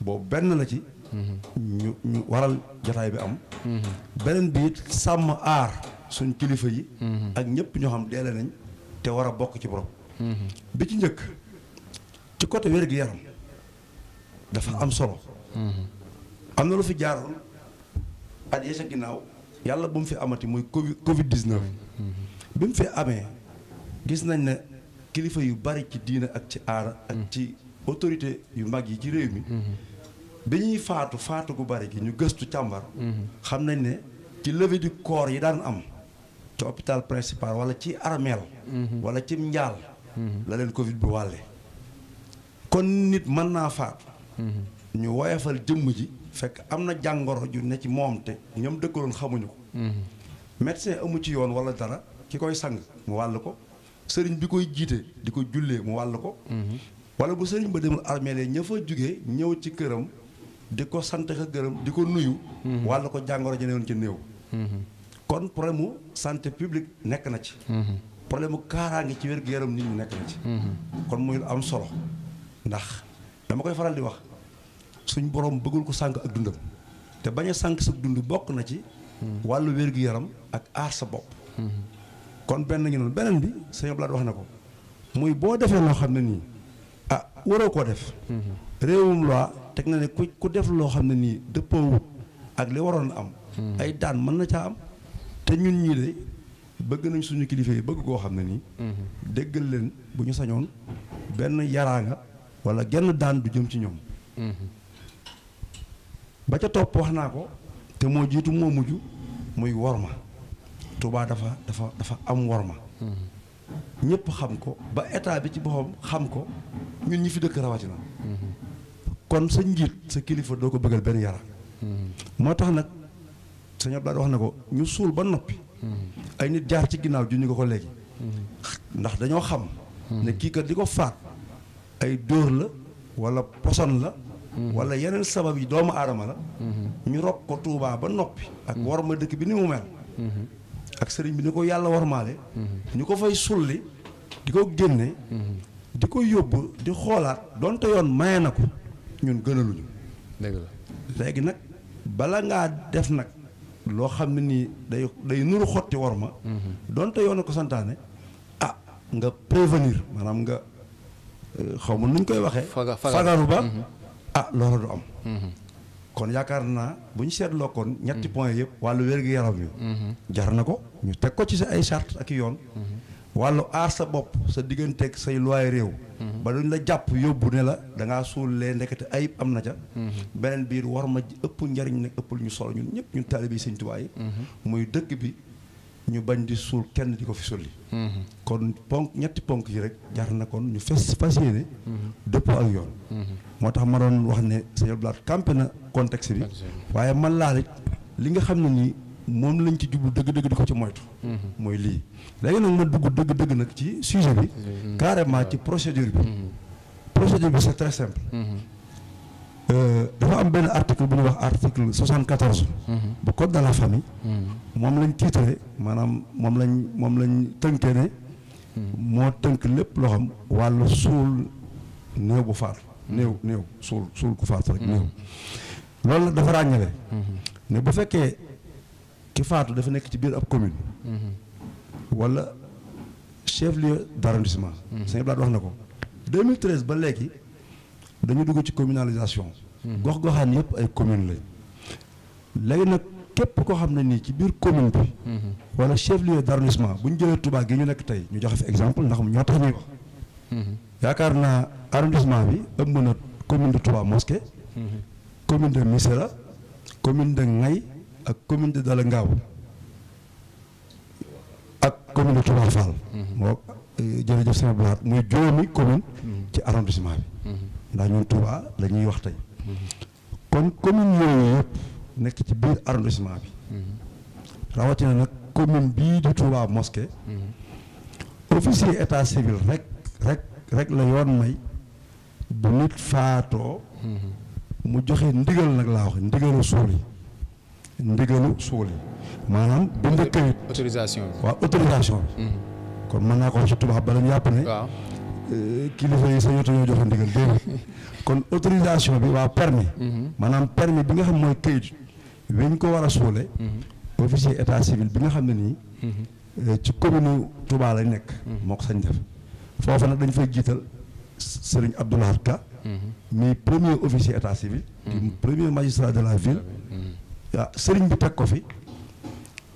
boobu benn la ci mm-hmm. ñu ñu waral jotaay bi am beneen bi sàmm aar suñ kilifa yi ak ñëpp ñoo xam deele nañ te war a bokk ci borom bi ci njëkk ci côté wér gi yaram dafa am solo. am na lu fi jaaroon at yee sa ginnaaw yàlla bu mu fi amati muy Covid Covid bi mu fi amee gis nañ ne kilifa yu bari ci diina ak ci aara. ak ci autorité yu mag yi ci réew mi. bi ñuy faatu faatu gu bari gi ñu gëstu càmbar. xam nañ ne ci levée du corps yi daan am. ci hôpital principal walla ci armeel wala ci njaal. la leen Covid bi wàlle kon nit mën naa faatu. ñu woyafal jëmm ji fekk am na jàngoro ju ne ci moom te ñoom dëkkaloon xamuñu ko médecin amu ci yoon wala dara ki koy sang mu wàll ko sëriñ bi koy jiite di ko jullee mu wàll ko wala bu sëriñ ba demul armée la ña ñëw ci këram di ko sant ka gërëm di ko nuyu wàll ko jàngoro ji ne woon ci néew kon problème mu santé publique nekk na ci problème mu ngi ci wér-gu-yaram nit ñi nekk na ci kon muy am solo ndax dama koy faral di wax suñ borom bëggul ko sànq ak dundam te bañ a sànq sa dund bokk na ci. wàllu wér-gu-yaram ak aar sa bopp. kon benn ñu beneen bi sëñ Abdoulaye wax na ko muy boo defee loo xam ne nii a ah, waroo koo def. réewum loi teg na ne ku ku def loo xam ne nii dëppoowut ak li waroon am. ay daan mën na caa am te ñun ñii de bëgg nañ suñu kilifa yi bëgg koo xam ne nii. déggal leen bu ñu sañoon benn yaraanga. wala genn daan du jëm ci ñoom. Mm-hmm. ba ca topp wax naa ko te moo jiitu moo mujj muy ma Touba dafa dafa dafa am worma. Mm-hmm. ñëpp xam ko ba état bi ci boppam xam ko ñun ñi fi dëkk rawatina. Mm-hmm. kon sa njiit sa kilifa doo ko bëggal benn yara. moo tax nag sëñ Abdoulaye wax na ko ñu suul ba noppi. ay nit jaar ci ginnaaw ju ñu ko ko léegi. ndax dañoo xam. ne kii kat li ko faat. ay dóor la wala poson la wala yeneen sabab yi doomu aadama la ñu rob ko Tuubaa ba noppi ak wor ma dëkk bi ni mu mel ak sëriñ bi ni ko yàlla warmaale ñu ko fay sulli di ko génne di ko yóbbu di xoolaat donte yoon maye na ko ñun gënaluñu dëgg la léegi nag bala ngaa def nag loo xam ne nii day day nuru xotti war ma mhm. donte yoon ko santaane ah nga prévenir maanaam nga xaw ma nu ñu koy waxee. fagaru ba mhm. ah loolu du am. Mhm. kon yaakaar naa bu ñu seet kon. ñetti mhm. point yëpp wàllu wér-gu-yaram yu jar na ko ñu teg ko ci sa ay charte ak i yoon. wàllu aar sa bopp sa digganteeg say luwaay réew. ba duñ la jàpp yóbbu ne la da ngaa suul lee ndekete ayib am na ca. beneen biir war ma ëpp njariñ ne ëppul ñu solo ñun ñëpp ñun taalibe yi Sëñ muy dëkk bi. ñu bañ di suul kenn di ko fi sulli mhm. kon ponk ñetti ponk yi rek jar na kon ñu fes fas yéene mhm. dëppoo ak yoon mhm. moo tax ma doon wax ne sëñ Abdou Lahad campé na contexte bi waaye man laa rek li nga xam ne nii moom lañ ci jublu dëgg-dëgg di ko ci moytu mooy lii léegi nag ma dugg dëgg-dëgg nag ci sujet bi carrément ci procédure bi procédure bi c'est très simple Euh, dafa am benn article bu ñuy wax article soixante quatorze. Mhm. bu code de la famille. Mhm. moom lañ tiitre maanaam moom lañ moom lañ tënkee ne. Mhm. moo tënk lépp loo xam wàllu suul néew bu faatu. néew néew suul suul ku faatu rek néew. loolu la dafa ràññale. ne bu fekkee ki faatu dafa nekk ci biir ab commune. wala chef lieu d' arrondissement. sëñ wax na ko 2013 ba léegi. dañu dugg ci communalisation. gox-goxaan yëpp ay commune lañ. léegi nag képp koo xam ne nii ci biir commune bi. wala chef lieu d'arrondissement bu ñu jëlee Touba gi ñu nekk tey ñu joxe fi exemple ndax ñoo tax ñuy wax. yaakaar naa arrondissement bi ëmb na commune de Touba Mosquée. commune de Missira commune de Ngay ak commune de Dala Ngaaw ak commune de Touba Fall. moo mm-hmm. jërëjëf sama muy juróomi commune. Mm-hmm. ci arrondissement bi. ndax ñun Touba la ñuy wax tey kon commune yooyu yëpp nekk ci biir arrondissement bi rawatina nag commune bii di Touba mosquée officier état civil rek rek rek la yoon may bu nit faatoo mu joxe ndigal nag laa wax ndigalu suul yi ndigalu suul yi maanaam bind këyit autorisation waa waaw autorisation bi mm-hmm. kon mën naa ko wax ci tubaab bala ñu yàpp ne Euh, kilifa yi sañatu ñoo joxe ndigal déedéet kon autorisation bi waa permis mhm. maanaam permis bi nga xam mooy këyit wiñ ko war a suule mhm. officier état civil bi nga xam ne nii mhm. euh, ci commune tubaa lañ nekk moo ko sañ def foofu nag dañ fay jiital Serigne Abdoulahat Ka mi premier officier état civil di premier magistrat de la ville ah, sëriñ bi teg ko fi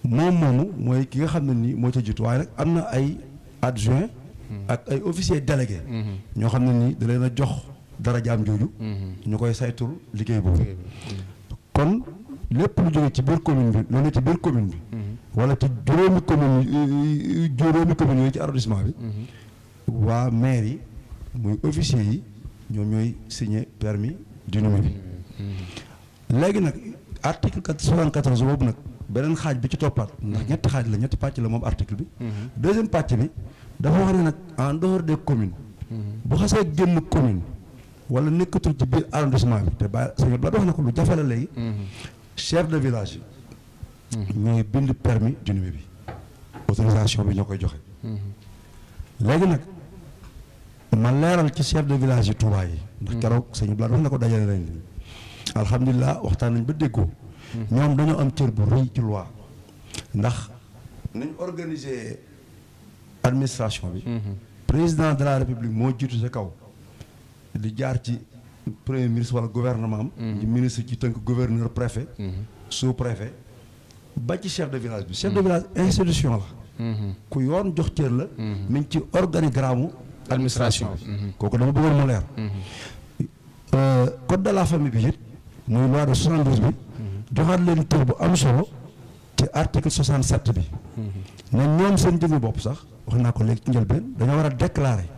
moom moomu mooy ki nga xam ne nii moo ca jiitu waaye nag am na ay adjoint Mm-hmm. ak ay officiers délégués. Mm-hmm. ñoo xam ne nii da leen a jox dara jaam jooju. Mm-hmm. ñu koy saytul liggéey boobu. kon lépp lu jóge ci biir commune bi lu ne ci biir commune bi. wala ci juróomi commune juróomi commune yooyu ci arrondissement bi. waa maire yi muy officiers yi ñoom ñooy signer permis d'inhumer bi. léegi nag article quatre soixante quatorze boobu nag beneen xaaj bi ci toppaat. ndax ñetti xaaj la ñetti pàcc la moom article bi. deuxième pàcc bi. dafa wax ne nag en dehors des communes. bu xasee génn commune. wala nekkatul ci biir arrondissement bi te bàyyi sëñ bi la wax na ko lu jafe la léegi. chef de village yi. ñooy bind permis d'inhumer bi autorisation bi ñoo koy joxe léegi nag ma leeral ci chef de village yi Touba yi ndax keroog sëñ Blanc wax na ko dajale nañ leen alhamdulilah waxtaan nañ ba déggoo ñoom dañoo am cër bu rëy ci loi ndax nañ organiser administration bi. président de la république moo jiitu sa kaw. di jaar ci premier ministre wala gouvernement am. Mhm. di ministre ci tënk gouverneur préfet. Mhm. sous préfet. ba ci chef de village bi. chef de mhm. village institution la. ku yoon jox cër la. mi ngi ci organigramme administration bi. kooku dama bëggoon mu leer. Euh, code de la famille bi it. muy loi de bi. joxaat leen tur bu am solo. ci article 67 bi. ne ñoom seen jëmmi bopp sax. wax naa ko léegi ci njëlbeen dañoo war a déclarer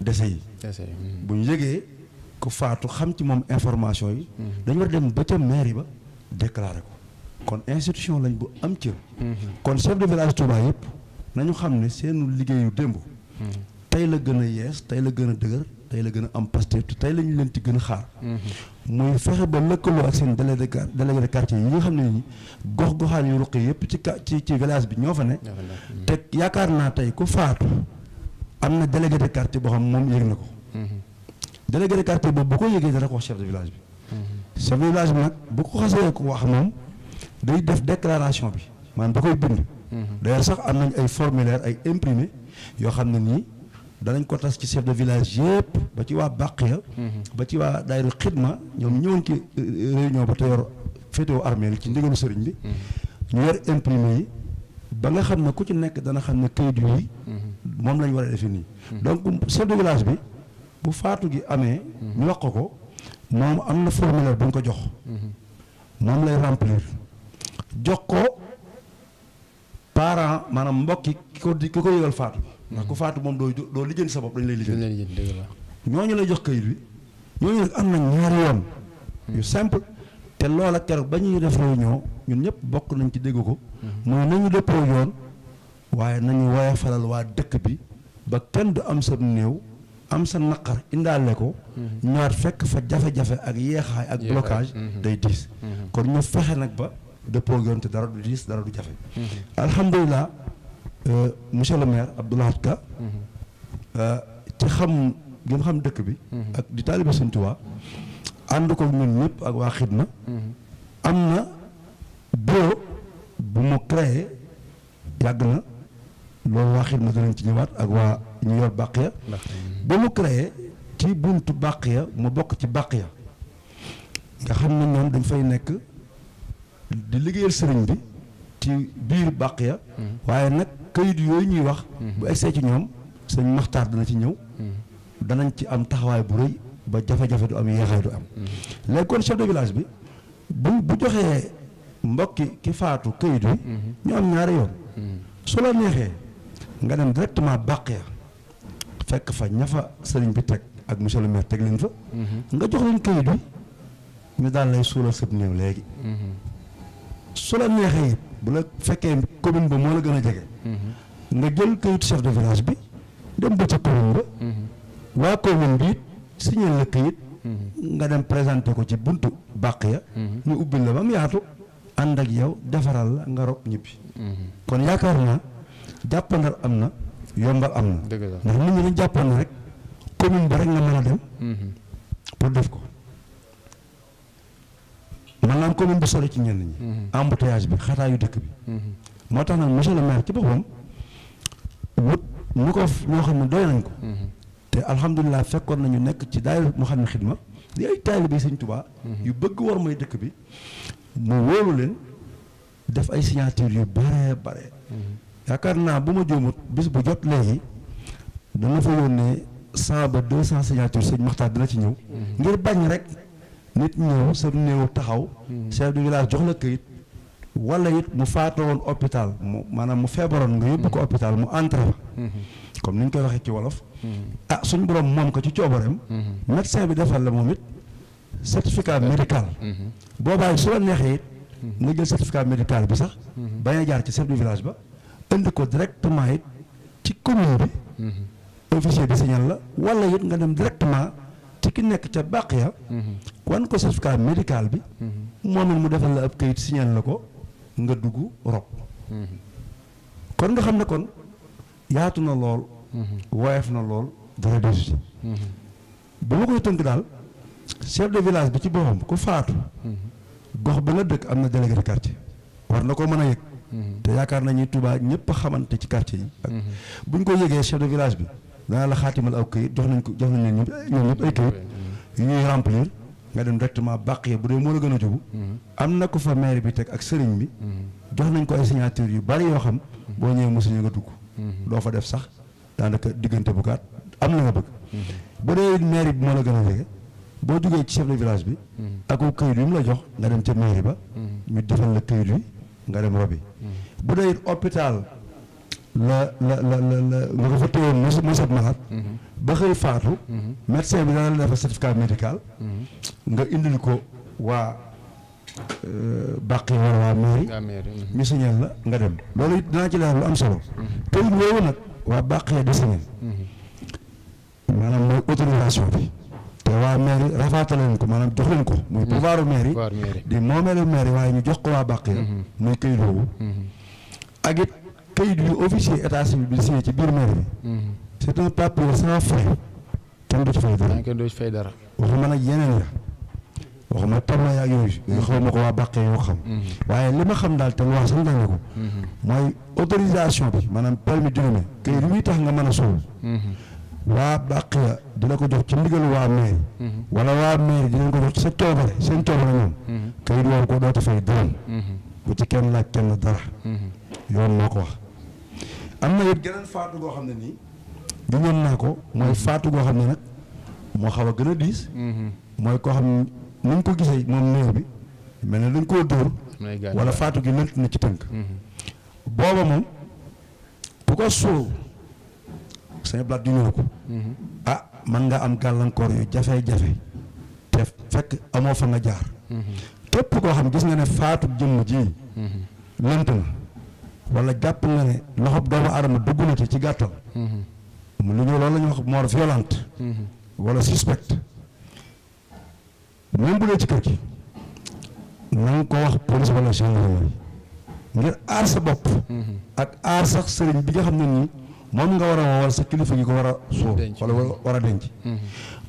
décès yi. décès yi hmm. bu ku faatu xam ci moom information yi. Hmm. dañu war a dem ba ca mairie ba déclarer ko kon institution lañ bu am cër. Hmm. kon chef de village Touba yëpp nañu xam ne seenu liggéeyu démb. tey la gën a yees tey la gën a dëgër. tey la gën am Pastef te tey la ñu leen ci gën a xaar. muy mm-hmm. fexe ba lëkkaloo ak seen délégué de quartier yi nga xam ne nii gox goxaan yu ruqe yëpp ci ci ci village bi ñoo fa ne. Mm-hmm. te yaakaar naa tey ku faatu am na délégué de quartier boo xam moom yëg na ko. Mm-hmm. délégué de quartier boobu bu ko yëgee dana ko wax chef de village bi. chef de village bi nag bu ko xasee ko wax moom day def déclaration bi man da koy bind. d'ailleurs sax am nañ ay formulaire ay imprimé yoo xam ne nii. danañ ko tas ci chef de village yëpp ba ci waa Baqiya mhm. ba ci waa daayru xidma ñoom ñëwoon ci euh, euh, réunion ba te yor féetewoo armeel ci ndigalu sëriñ bi mhm. ñu yor imprimé yi ba nga xam na ku ci nekk dana xam ne kayit yi mhm. moom lañ war a defee nii donc chef de village bi bu faatu gi amee ñu wax ko ko moom am na formulaire bu ko jox moom lay remplir jox ko parent maanaam mbokki ki ko di ki ko yëgal faatu ndax ku faatu moom doo doo lijjanti sa bopp dañu lay lijjanti ñooñu la jox kayit bi ñooñu nag am na ñaari yoon hmm. yu simple te loola keroog ba ñuy def réunion ñun ñëpp bokk nañ ci dégg ko hmm. mooy nañu dëppoo yoon waaye nañu woya falal waa dëkk bi ba kenn du am sa néew am sa naqar indaale ko hmm. ñaar fekk fa jafe-jafe ak yeexaay ak blocage day diis kon ñu fexe nag ba dëppoo yoon te dara du diis dara du jafe alhamdulilah Euh, monsieur le maire Abdoulahat Ka mhm. euh, ci xam gi nga xam dëkk bi mhm. ak di taalibe Sëñ Tuubaa ànd ko ñun ñëpp ak waa Xidma mhm. am na bureau bu mu créé yàgg na loolu waa Xidma danañ ci ñëwaat ak waa ñu yor Bàqiya ba mu créé ci buntu ya mu bokk ci bàq ya nga xam ne ñoom dañ fay nekk di liggéeyal sëriñ bi ci biir bàq ya waaye nag kayit yooyu ñuy wax bu egsee ci ñoom sëñ maxtaar dina ci ñëw danañ ci am taxawaay bu rëy ba jafe-jafe du am yeexee du am léegi kon de village bi bu bu joxee mbokki ki faatu kayit yi ñu am ñaari yoon su la neexee nga dem directement bàq ya fekk fa ñafa fa bi teg ak monsieur le maire teg leen fa nga jox leen kayit yi ñu daal lay suulal sëb néew léegi su la neexee bu la fekkee commune ba moo la gën a jege. Mhm. nga jël këyit chef de village bi dem ba ca commune ba. Mhm. waa commune bi it signé la këyit. Mhm. nga dem présenté ko ci buntu bàq ya. ñu ubbil la ba mu yaatu. ànd ak yow defaral la nga rob ñibbi. kon yaakaar naa jàppandal am na yombal am na. ndax nit ñi dañ jàppandal rek commune ba rek nga mën a dem. pour def ko. maanaam commune bi sole ci ñenn ñi. Mhm. embouteillage bi xataa xataayu dëkk bi. Mhm. moo tax nag monsieur le maire ci boppam wut ñu ko ñoo xam ne doy nañ ko. Mhm. te alhamdulilah fekkoon nañu nekk ci daayira mu xam ne xidma di ay taalibe sëñ Tuubaa yu bëgg war mooy dëkk bi mu wóolu leen def ay signature yu bare bare yaakaar naa bu ma juumut bis bu jot léegi dana fa yónnee cent ba deux cent signature sëñ Maxtaar dina ci ñëw ngir bañ rek nit ñëw sa néew taxaw. Mm-hmm. chef du village jox la këyit. wala it mu faatoo woon mu maanaam mu feebaroon nga yóbbu ko mm-hmm. hôpital mu entré fa. Mm-hmm. comme ni koy waxee ci wolof. ah suñu borom moom ko ci coobareem. médecin bi defal la moom it certificat médical. boobaay su la neexee it. nga jël certificat médical bi sax. bañ a jaar ci chef du village ba. indi ko directement it ci commune bi. officier bi signal la wala it nga dem directement. te ki nekk ca bàq ya wan ko certificat médical bi moom it mu defal la ab kayit signal la ko nga dugg rob kon nga xam ne kon yaatu na lool woyof na lool dara desu ci bu ma koy tënk daal chef de village bi ci boppam ku faatu gox ba la dëkk am na délégué de quartier war na ko mën a yëg te yaakaar nañu tubaab ñëpp xamante ci quartier yi buñ ko yëgee chef de village bi danaa la xaatimal aw këyit jox nañ ko jox nañ ñoom ñëpp ay këyit yu ñuy remplir nga dem directement bàq ya bu dee moo la gën a jubu mm-hmm. am na ko fa maire bi teg ak sëriñ bi mm-hmm. jox nañ ko ay signature yu bari yoo xam mm-hmm. boo ñëwee mosuñu nga dugg doo fa def sax daanaka diggante bu gaat am na nga bëgg bu dee maire bi moo la gën a jege boo jógee ci chef de village bi aku këyit bi mu la jox nga dem ca mairie ba ñu defal la këyit bi nga dem robi bu dee la la la la la ko fa téye mu sab malade ba xëy faatu mhm. médecin bi dana la defal certificat mhm. nga indil ko waa euh, bàqi wala waa mairie mhm. ñu signal la nga dem loolu it danaa ci leer lu am solo tey woowu nag waa bàqee di signal maanaam mooy autorisation bi te waa mairie rafaatale leen ko maanaam jox leen ko muy pouvoiru mairie di moomeelu mairie waaye ñu jox ko waa bàqee muy këyit woowu ak it kayit yu officier état civil bi signé ci biir mairie bi. Mhm. c' est un frais. kenn du ci fay dara ah, kenn du ci fay nag yeneen ya waxuma tabla ya ak yooyu. Mhm. xaw ma ko waa bàqee yoo xam. Mhm. waaye li ma xam daal te wax sa nañ mooy autorisation bi maanaam permis d'urbain. kayit yu tax nga mën a suul. waa bàq ya dina ko jox ci ndigal waa mairie. wala waa mairie dinañ ko jox ci sa coobare seen coobare ñoom. kayit woowu ko dootu fay dërëm. bu ci kenn laaj kenn dara. yoon moo ko wax. am na yëpp geneen faatu goo xam ne nii jugoon naa ko mooy faatu goo xam ne nag moo xaw a gën a diis mhm. mooy koo xam ni ñu ko gisee moom néew bi mel ne dañ koo dóor wala faatu gi lënt na ci tënk mhm. booba moom bu ko soow sañ blaat ju ñëw ko mhm. ah man nga am gàllankoor yu jafe-jafe te fekk amoo fa nga jaar képp koo xam gis nga ne faatu jëmm ji lënt na wala jàpp na ne loxob doomu aadama dugg na ci gàttal. Mm-hmm. mu lu ñu loolu la ñuy wax mort violente. Mm-hmm. wala suspect. même bu dee ci kër gi na ko wax police wala gendarmerie ngir aar sa bopp. Mm-hmm. ak aar sax sëriñ bi nga xam ne nii moom nga war a woo sa kilifa gi ko war a suur. wala war a denc.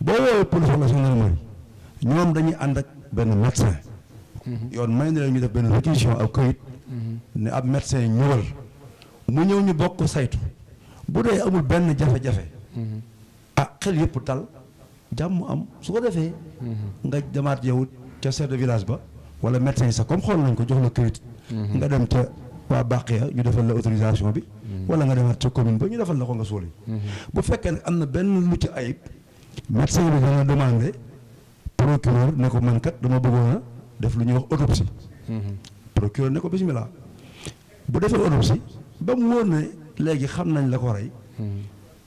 boo woowee police wala gendarmerie ñoom dañuy ànd ak benn médecin. yoon may leen ñu def benn réquisition ak këyit. ne ab médecin ñëwal mu ñëw ñu bokk saytu bu dee amul benn jafe-jafe ah xel yëpp tal jàmm am su ko defee nga demaat yow ca chef de village ba wala médecin yi sax comme xool nañ ko jox la këyit nga dem ca waa bàqe ya ñu defal la autorisation bi wala nga demaat ca commune ba ñu defal la ko nga suuli bu fekkee ne am na benn lu ci ayib médecin bi dana demandé procureur ne ko man kat dama bëggoon def lu ñuy wax autopsie mhm. procureur ne ko bismillah bu defee autopsie ba mu wóor ne léegi xam nañ la ko rey hmm.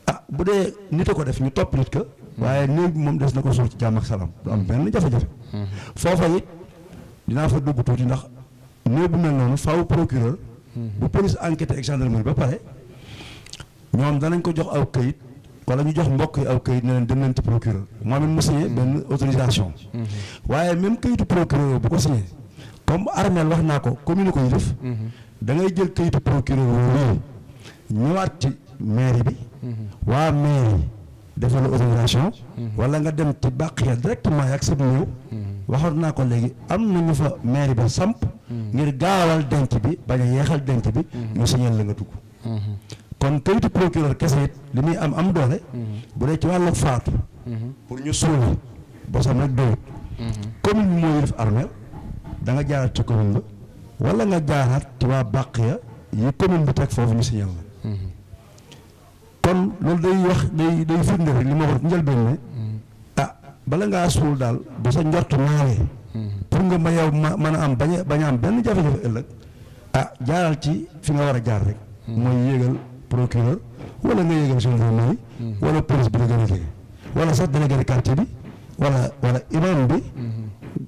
ah bu dee nit a ko def ñu topp nit ka hmm. waaye néeg moom des na ko suuf ci jàmm ak salaam du am benn jafe-jafe hmm. foofa it dinaa fa dugg tuuti ndax néeg bu mel noonu faaw procureur bu police enquête ak gendarmerie ba pare ñoom danañ ko jox aw kayit wala ñu jox mbokk yi aw kayit ne leen dem leen ci procureur moom it mu signé benn autorisation waaye même këyitu procureur bu ko signé comme armeel wax da ngay jël kayitu procureur woowu ñëwaat ci mairie bi. Mhm. waa mairie defal la autorisation. Mhm. wala nga dem ci bàq ya directement ak seen ñëw. Mhm. waxoon naa ko léegi am na ñu fa mairie ba samp. ngir gaawal denc bi bañ a yeexal denc bi. ñu signal la nga dugg. kon kayitu procureur kese it li muy am am doole. bu dee ci wàllu faatu. pour ñu suul bosam rek doyut. commune bi moo yëf armeel da nga jaaral ci commune ba. wala nga jaaraat ci waa bàq ya yi commune bi teg foofu ñu signal la kon loolu day wax day day firnde rek li ma wax njëlbeen ne ah bala ngaa suul daal bu sa njort naawee pour nga ma yow ma mën a am bañ bañ a am benn jafe-jafe ëllëg ah jaaral ci fi nga war a jaar rek mooy yéegal procureur wala nga yéegal gendarmerie wala police bi la gën a jege wala quartier bi wala wala bi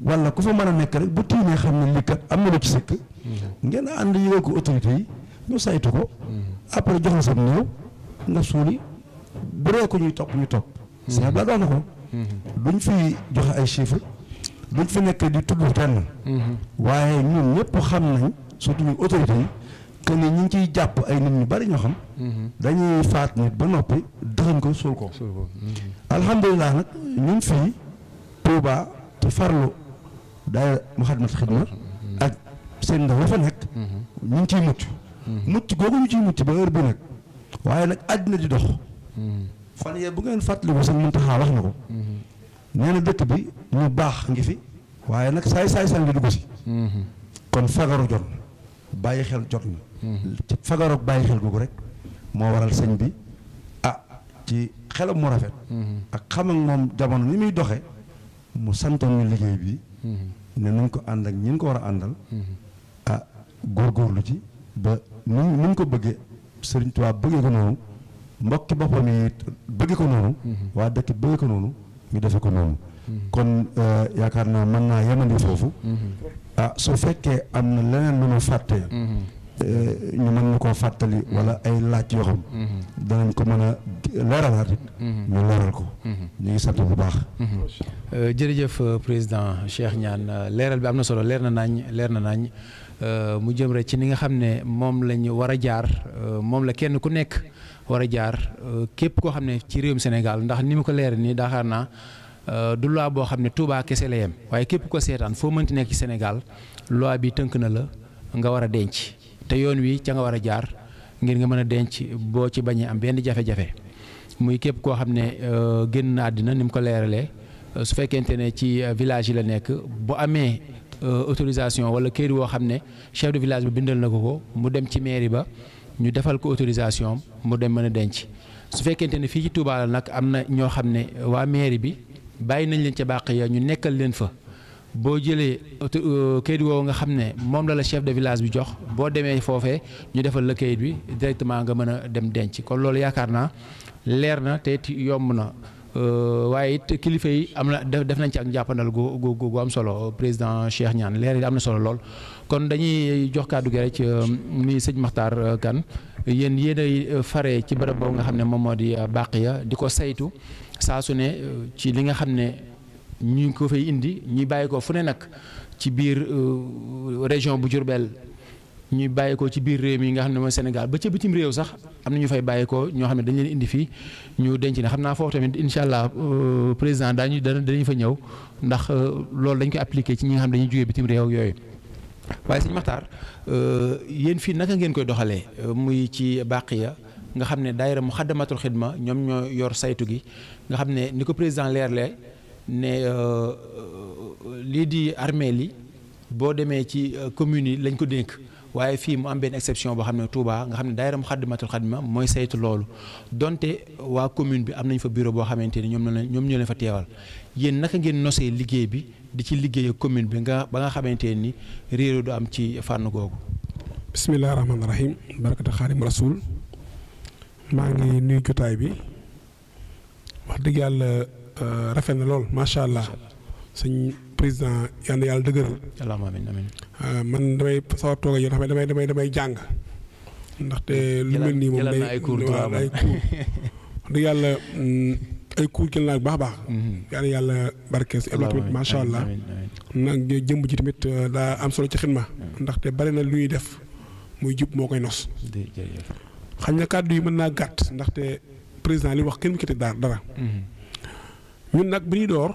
wala ku fa mën a nekk rek bu tiimee xam ne lii kat am na lu ci sëkk mm-hmm. ngeen ànd yëgoo ko autorité yi ñu saytu ko mm-hmm. après jox la sam néew nga suuli bu dee ko ñuy topp ñu topp mm-hmm. sëñ Ablaye doon na ko duñ fi joxe ay chiffres duñ fi nekk di tudd tenn waaye ñun ñëpp xam nañ surtout ñu autorité yi que ni ngi ciy jàpp ay nit ñu bari ñoo xam dañuy faat nit ba noppi dëxañ ko suul ko alhamdulilah nag ñun fii Touba te farlu daal Moukhaddamatoul Khidma ak seen ndaw la fa nekk. Mhm. ñu ngi ciy mucc. Mhm. mucc googu ñu ciy mucc ba heure bi nag waaye nag àddina di dox. Mhm. fan yee bu ngeen fàttaliku sëñ Muntaxa wax na ko. nee dëkk bi ñu baax ngi fi waaye nag saay saay saay ngi dugg si. kon fagaru jot na bàyyi xel jot na. ci fagaru bàyyi xel googu rek moo waral sëñ bi ah ci xelam mu rafet. ak xam moom jamono ni muy doxee mu santoon ñu liggéey bi. ne nañ ko ànd ak ñi ko war a àndal. góor mm-hmm. ah, góorgóorlu ci ba nu ñu ko bëggee Sëriñ Tuubaa bëggee ko noonu mbokki boppam yi bëggee ko noonu. Mm-hmm. waa dëkk bëggee ko noonu ñu defee ko noonu. Mm-hmm. kon euh, yaakaar naa man naa yemandi foofu. ah su fekkee am na leneen lu ma fàtte. Euh, ñu mën ñu koo fàttali mm-hmm. wala ay laaj yoo xam mm-hmm. danañ ko mën a leeralaat it mm-hmm. ñu leeral ko ñu ngi sant bu baax euh, jërëjëf euh, président Cheikh ñaan leeral bi am na solo leer na nañ leer na nañ mu jëm rek ci ni nga xam ne moom lañu war a jaar moom la kenn ku nekk war a jaar képp koo xam ne ci réewum Sénégal ndax ni mu ko leer nii daaxaar naa du loi boo xam ne Touba kese la yem waaye képp ko seetaan foo mënti nekk ci Sénégal loi bi tënk na la nga war a denc te yoon wi ca nga war a jaar ngir nga mën a denc boo ci bañee am benn jafe-jafe muy képp koo xam ne euh, génn na àddina ni mu ko leeralee euh, su fekkente ne ci euh, village yi la nekk bu amee autorisation wala këyit woo xam ne chef de village bi bindal na ko ko mu dem ci mairie ba ñu defal ko autorisation mu dem mën a denc su fekkente ne fii ci Touba nag am na ñoo xam ne waa mairie bi bàyyi nañ leen ca bàq ya ñu nekkal leen fa. boo jëlee euh, kayit woowu nga xam ne moom la la chef de village bi jox boo demee foofee ñu defal la kayit bi directement nga mën a dem denc kon loolu yaakaar naa leer na tey it yomb na euh, waaye it kilifa yi am na def nañ ci ak njàppandal gu gu gu am solo président Cheikh Niane leer yi am na solo lool kon dañuy jox kàddu gi rek euh, mi sëñ Makhtar Kane yéen yéen ay fare ci barab boobu nga xam ne moom moo di bàq ya di ko saytu saa su ne ci li nga xam ne. ñu ko fay indi ñu bàyyi ko fu ne nag ci biir euh, région bu Diourbel ñuy bàyyi ko ci biir réew mi nga xam ne mooy Sénégal ba ca bitim réew sax am na ñu fay bàyyi ñoo xam ne dañu indi fii ñu denc ne xam naa foofu tamit incha allah euh, président daañu dañu fa ñëw ndax euh, loolu dañ koy appliqué ci ñi nga xam dañuy jógee bitim réew yooyu. waaye sëñ Maxtaar yéen fii naka ngeen koy doxalee muy ci Baqiya nga xam ne daayira mu xaddamatul xidma ñoom ñoo yor saytu gi nga xam ne ni ko président leerlee. ne euh, euh, lii di armée li boo demee ci euh, commune yi lañ ko dénk waaye fii mu am benn exception boo xam ne Touba nga xam ne daay daayira Moukhaddamatoul Khidma mooy saytu loolu donte waa commune bi am nañ fa bureau boo xamante ni ñoom la ñoom ñoo leen fa teewal yéen naka ngeen nosee liggéey bi di ci liggéey commune bi nga ba nga xamante ni réeru du am ci fànn googu. bisimilah rahmaani rahim barakata xaadim rasul maa ngi nuyu jotaay bi wax dëgg yàlla. Euh, rafet na lool macha allah sëñ président yal na yàlla dëgëral. amiin euh, man damay sawar toog ak yow ndax damay damay damay jàng. ndaxte lu mel nii moom day ay cours wax yàlla mm, ay cours jël a mm-hmm. yàlla barke si Ibrahima tamit macha allah. nag jëmb ji tamit euh, daa am solo ci ma ndaxte bari na lu def muy jub moo koy nos. xam nga kàddu yi mën naa gàtt ndaxte président li wax kenn mu ci dara dara. Mm-hmm. ñun nag bi ñuy door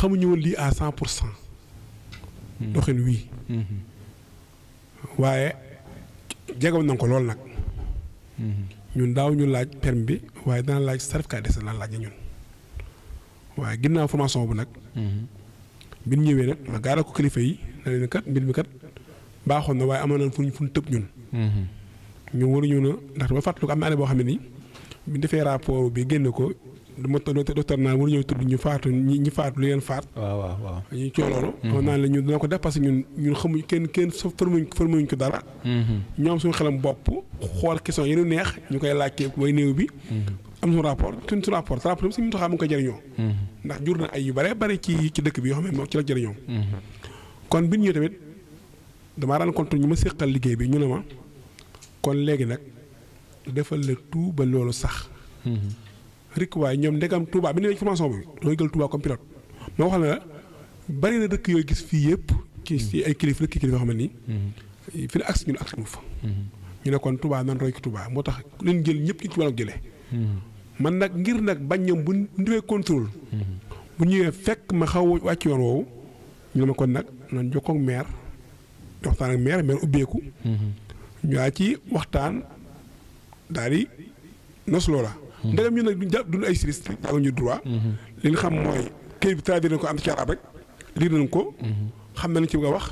xamuñu lii à cent pour cent. Hmm. doxin wii. Hmm. waaye jegoon nañ ko lool nag. Hmm. ñun daaw ñu laaj permis bi waaye dana laaj certificat d'essai dana laaj ñun. waaye ginnaaw formation bu nag. bi ñu ñëwee nag la gaara ko kilifa yi na leen kat mbir mi kat baaxoon na waaye amoon na fu ñu fu ñu tëb ñun. ñu waruñu na ndaxte ba fàttaliku am na année boo xam ne nii bi ñu defee rapport bi génn ko. docteur naan waru ñëw tudd ñu faatu ñu faatu li leen faat waaw waaw waaw ñu coo loolu xam mhm. naa la ñun dana ko def parce que ñun ñun xamuñ kenn kenn so formuñ formuñ ko dara mhm. ñoom suñu xelam bopp xool question yenu neex ñu koy laajte way néew bi mhm. am suñu rapport suñ suñu rapport rapport suñu taxaa mu ngi koy jëriñoo ndax jur na ay yu bare bare ci ci dëkk bi yoo xam ne moom ci la jëriñoo kon bi ñu tamit damaa rencontre ñu ma séqal liggéey bi ñu ne kon léegi nag defal la tout ba loolu sax rek waaye ñoom ndegam tubaa bi ñu ne formation bi doo jël Touba comme moo wax la bari na dëkk yooyu gis fii yëpp. ci ay kilif rek kilif yoo xam ne mhm. fi ne agsi mhm. ñu ne kon tubaa nan roy ko Touba moo tax leen jël ñépp ñu ci wàllu jëlee. Mhm. man nag ngir nag bañ ñoom bu ñu contrôle. bu ñëwee fekk ma xaw wàcc yoon woowu ñu ne ma kon nag nan jokkoo ak maire waxtaan ak maire maire ubbeeku. ñu ci waxtaan daal di nos ndegam ñu nag duñ jàpp duñ ay juriste ñu droit. Mhm. li ñu xam mooy këyit bi traduire nañ ko ànd ci arab rek ko. Mhm. xam nañ ci nga wax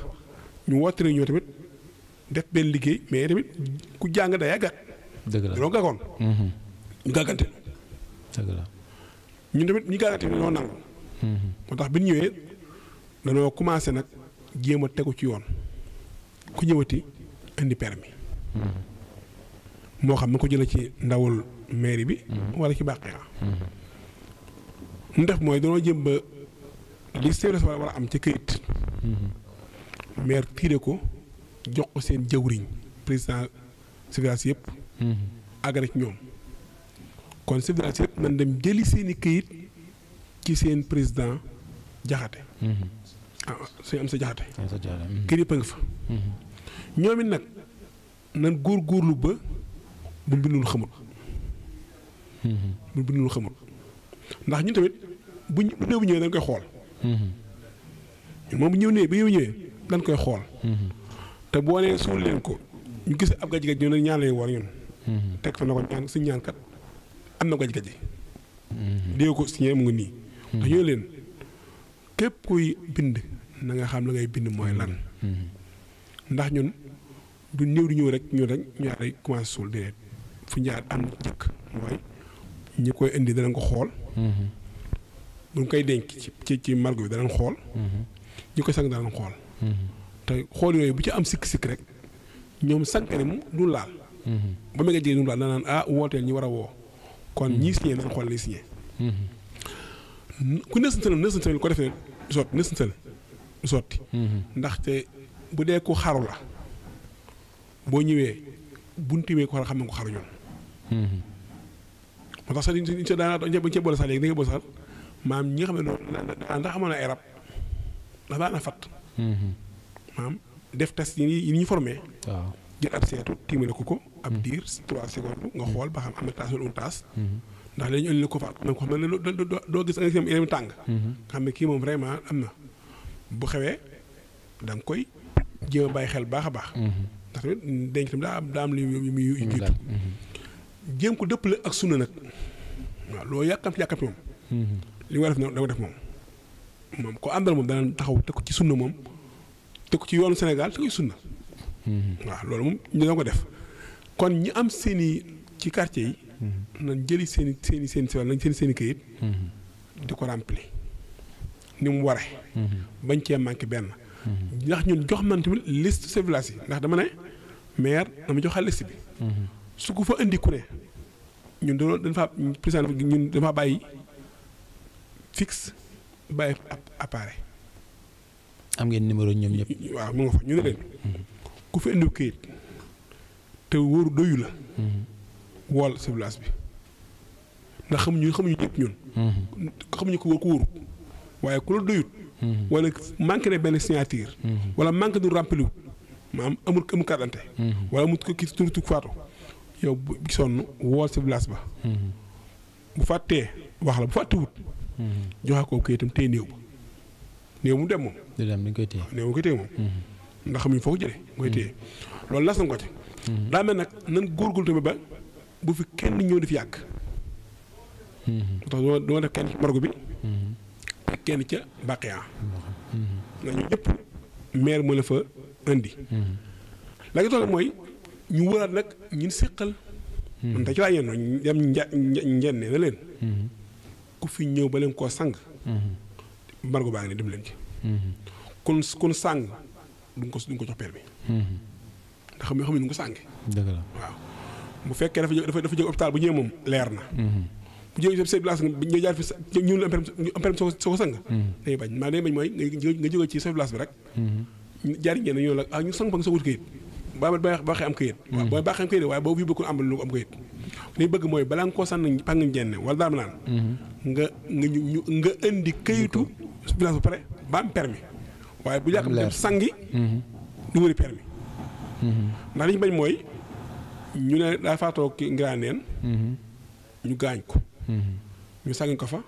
ñu woote nañ tamit def benn liggéey mais tamit ku jàng day yàggat. dëgg la dañoo gàggoon. Mhm. ñu gàggante. dëgg la tamit ñu gàggante dañoo nangu. moo tax bi ñu ñëwee dañoo commencé nag jéem a tegu ci yoon ku ñëwati indi permis moo xam ni ko jële ci ndawul. maire bi. Mhm. wala ci Bakhia. ñu def mooy danoo jëm ba li service war a am ci këyit. Mhm. maire tiire ko jox ko seen jëwriñ président service yëpp. Mhm. àggale ci ñoom kon service yëpp nan dem jëli seeni i këyit ci seen président jaxate. suñu am sa jaxate. kër yëpp a nga fa. ñoom nag nan góorgóorlu ba bu mbindul xamul. bu bu ñu xamul ndax ñun tamit bu ñu néew bu ñëwee dañ koy xool. moom bu ñëw nee bu ñëw ñëwee dañ koy xool. te boo nee suul leen ko ñu gis ab gaj gaj ñu ne ñaan lay war ñun. teg fa ko ñaan suñu am na gaj ko si mu ngi nii. kuy bind na nga xam la ngay bind mooy lan. ndax ñun du néew di ñëw rek ñu rek ñu daal di commencé suul déedéet fu ñu am njëkk ñi koy indi danañ ko xool. Mm-hmm. buñ koy denc ci ci margo bi danañ xool. Mm-hmm. ñi koy sang danañ xool. Mm-hmm. te xool yooyu bu ci am sikk-sikk rek ñoom sànqale mu du laal. ba mega jigéen du laal danaan ah wooteel ñi war a woo. kon ñii signé danañ xool lii signé. ku nësantal nësantal ko defee du sotti nësantal du sotti. ndaxte bu dee ko xaru la boo ñëwee buntu bi ko war a xam ne ko xaru ñoon moo tax sax duñ duñ daanaka buñ cee boole sax léegi dañ koy boole sax maam ñi nga xam ne na ay rab ndax daan na fat. Mhm. maam def test yi ko ko. ab mhm. diir 3 secondes nga am na taas wala amul mhm. ndax léegi ñu ëllëg ko na ko xam ne doo gis ay yeneen tàng. xam kii moom vraiment am na bu xewee da nga koy jéem a bàyyi xel baax a baax. ndax tamit denc daa am daa am lu muy jiitu. jéem ko dëpp dëppale ak sunna nag waaw loo yàkkamti yàkkamti moom. Mhm. li nga def da nga def moom. moom ko àndal moom dana taxaw teg ko ci sunna moom teg ko ci yoonu senegal teg ko sunna. Mhm. waaw loolu moom ñu doon ko def kon ñi am seeni ci quartier yi. Mhm. na jëli seen i seen i seen i nañ seen këyit. di ko rempli ni mu waree. bañ cee manqué benn. ndax ñun jox man tamit liste de yi ndax dama ne maire dama joxal liste bi. su ko fa indi ku ne ñun dañoo dañ faa président ñun dafa bàyyi fixe bàyyi appareil. am ngeen numéro ñoom ñëpp. waaw mu nga fa ñu ne leen. Mm-hmm. ku fa indi këyit te wóoru doyu la. Mm-hmm. wool sa village bi ndax xamuñu xamuñu ñëpp ñun. Mm-hmm. xamuñu ko wóor ko wóoru waaye ku la doyut. wala manqué ne benn signature. wala manqué du rempli maanaam amul amul carte wala amul ko kii tur yow bu sonn wool si village ba. Mhm. bu fàttee wax la bu fàttewut. Mhm. joxe ko kayitam téye néew ba néew mu dem moom. du dem dañ koy téye néew mu koy téye mhm. foo ko jëlee. koy téye loolu las nañ ko ci. daa mel nag nan góorgóorlu tamit ba bu fi kenn ñëw di fi yàgg. moo du ma def kenn ci morgue bi. ak kenn ca Baqiya. ndax ñun ñëpp maire moo la fa indi. la mooy. ñu wëraat nag ñun séqal man hmm. da ci waa ñenn dem njenne na leen hmm. ku fi ñëw ba leen koo sang margo hmm. baa ngi ne dem leen ci kon kon sàng duñ ko duñ ko jox permis ndax xam ne nu ko sànge dëgg la waaw bu fekkee dafa dafa jóg hôpital bu ñëwee leer na bu jógee say place ñoo jaar fi ñun am permis soo ko sang dañuy bañ maa dañuy bañ mooy nga jóge ci sa place bi rek jaar ñenn ñoo la ah ñu sang ba nga soo wut kayit ba ba baaxee am këyit hmm. waaw booy baaxee am këyit waaye boobu yu bëggul am lu am këyit li bëgg mooy balaa nga koo sànn pànga jenne wala daam naan hmm. nga nga ñu nga indi këyitu bilan ba pare ba am permis waaye bu yàq dem sangi du wëri permis hmm. ndax li ñu bañ mooy ñu ne daa faatoo ki ngiraa neen ñu gaañ ko ñu sàngi ko fa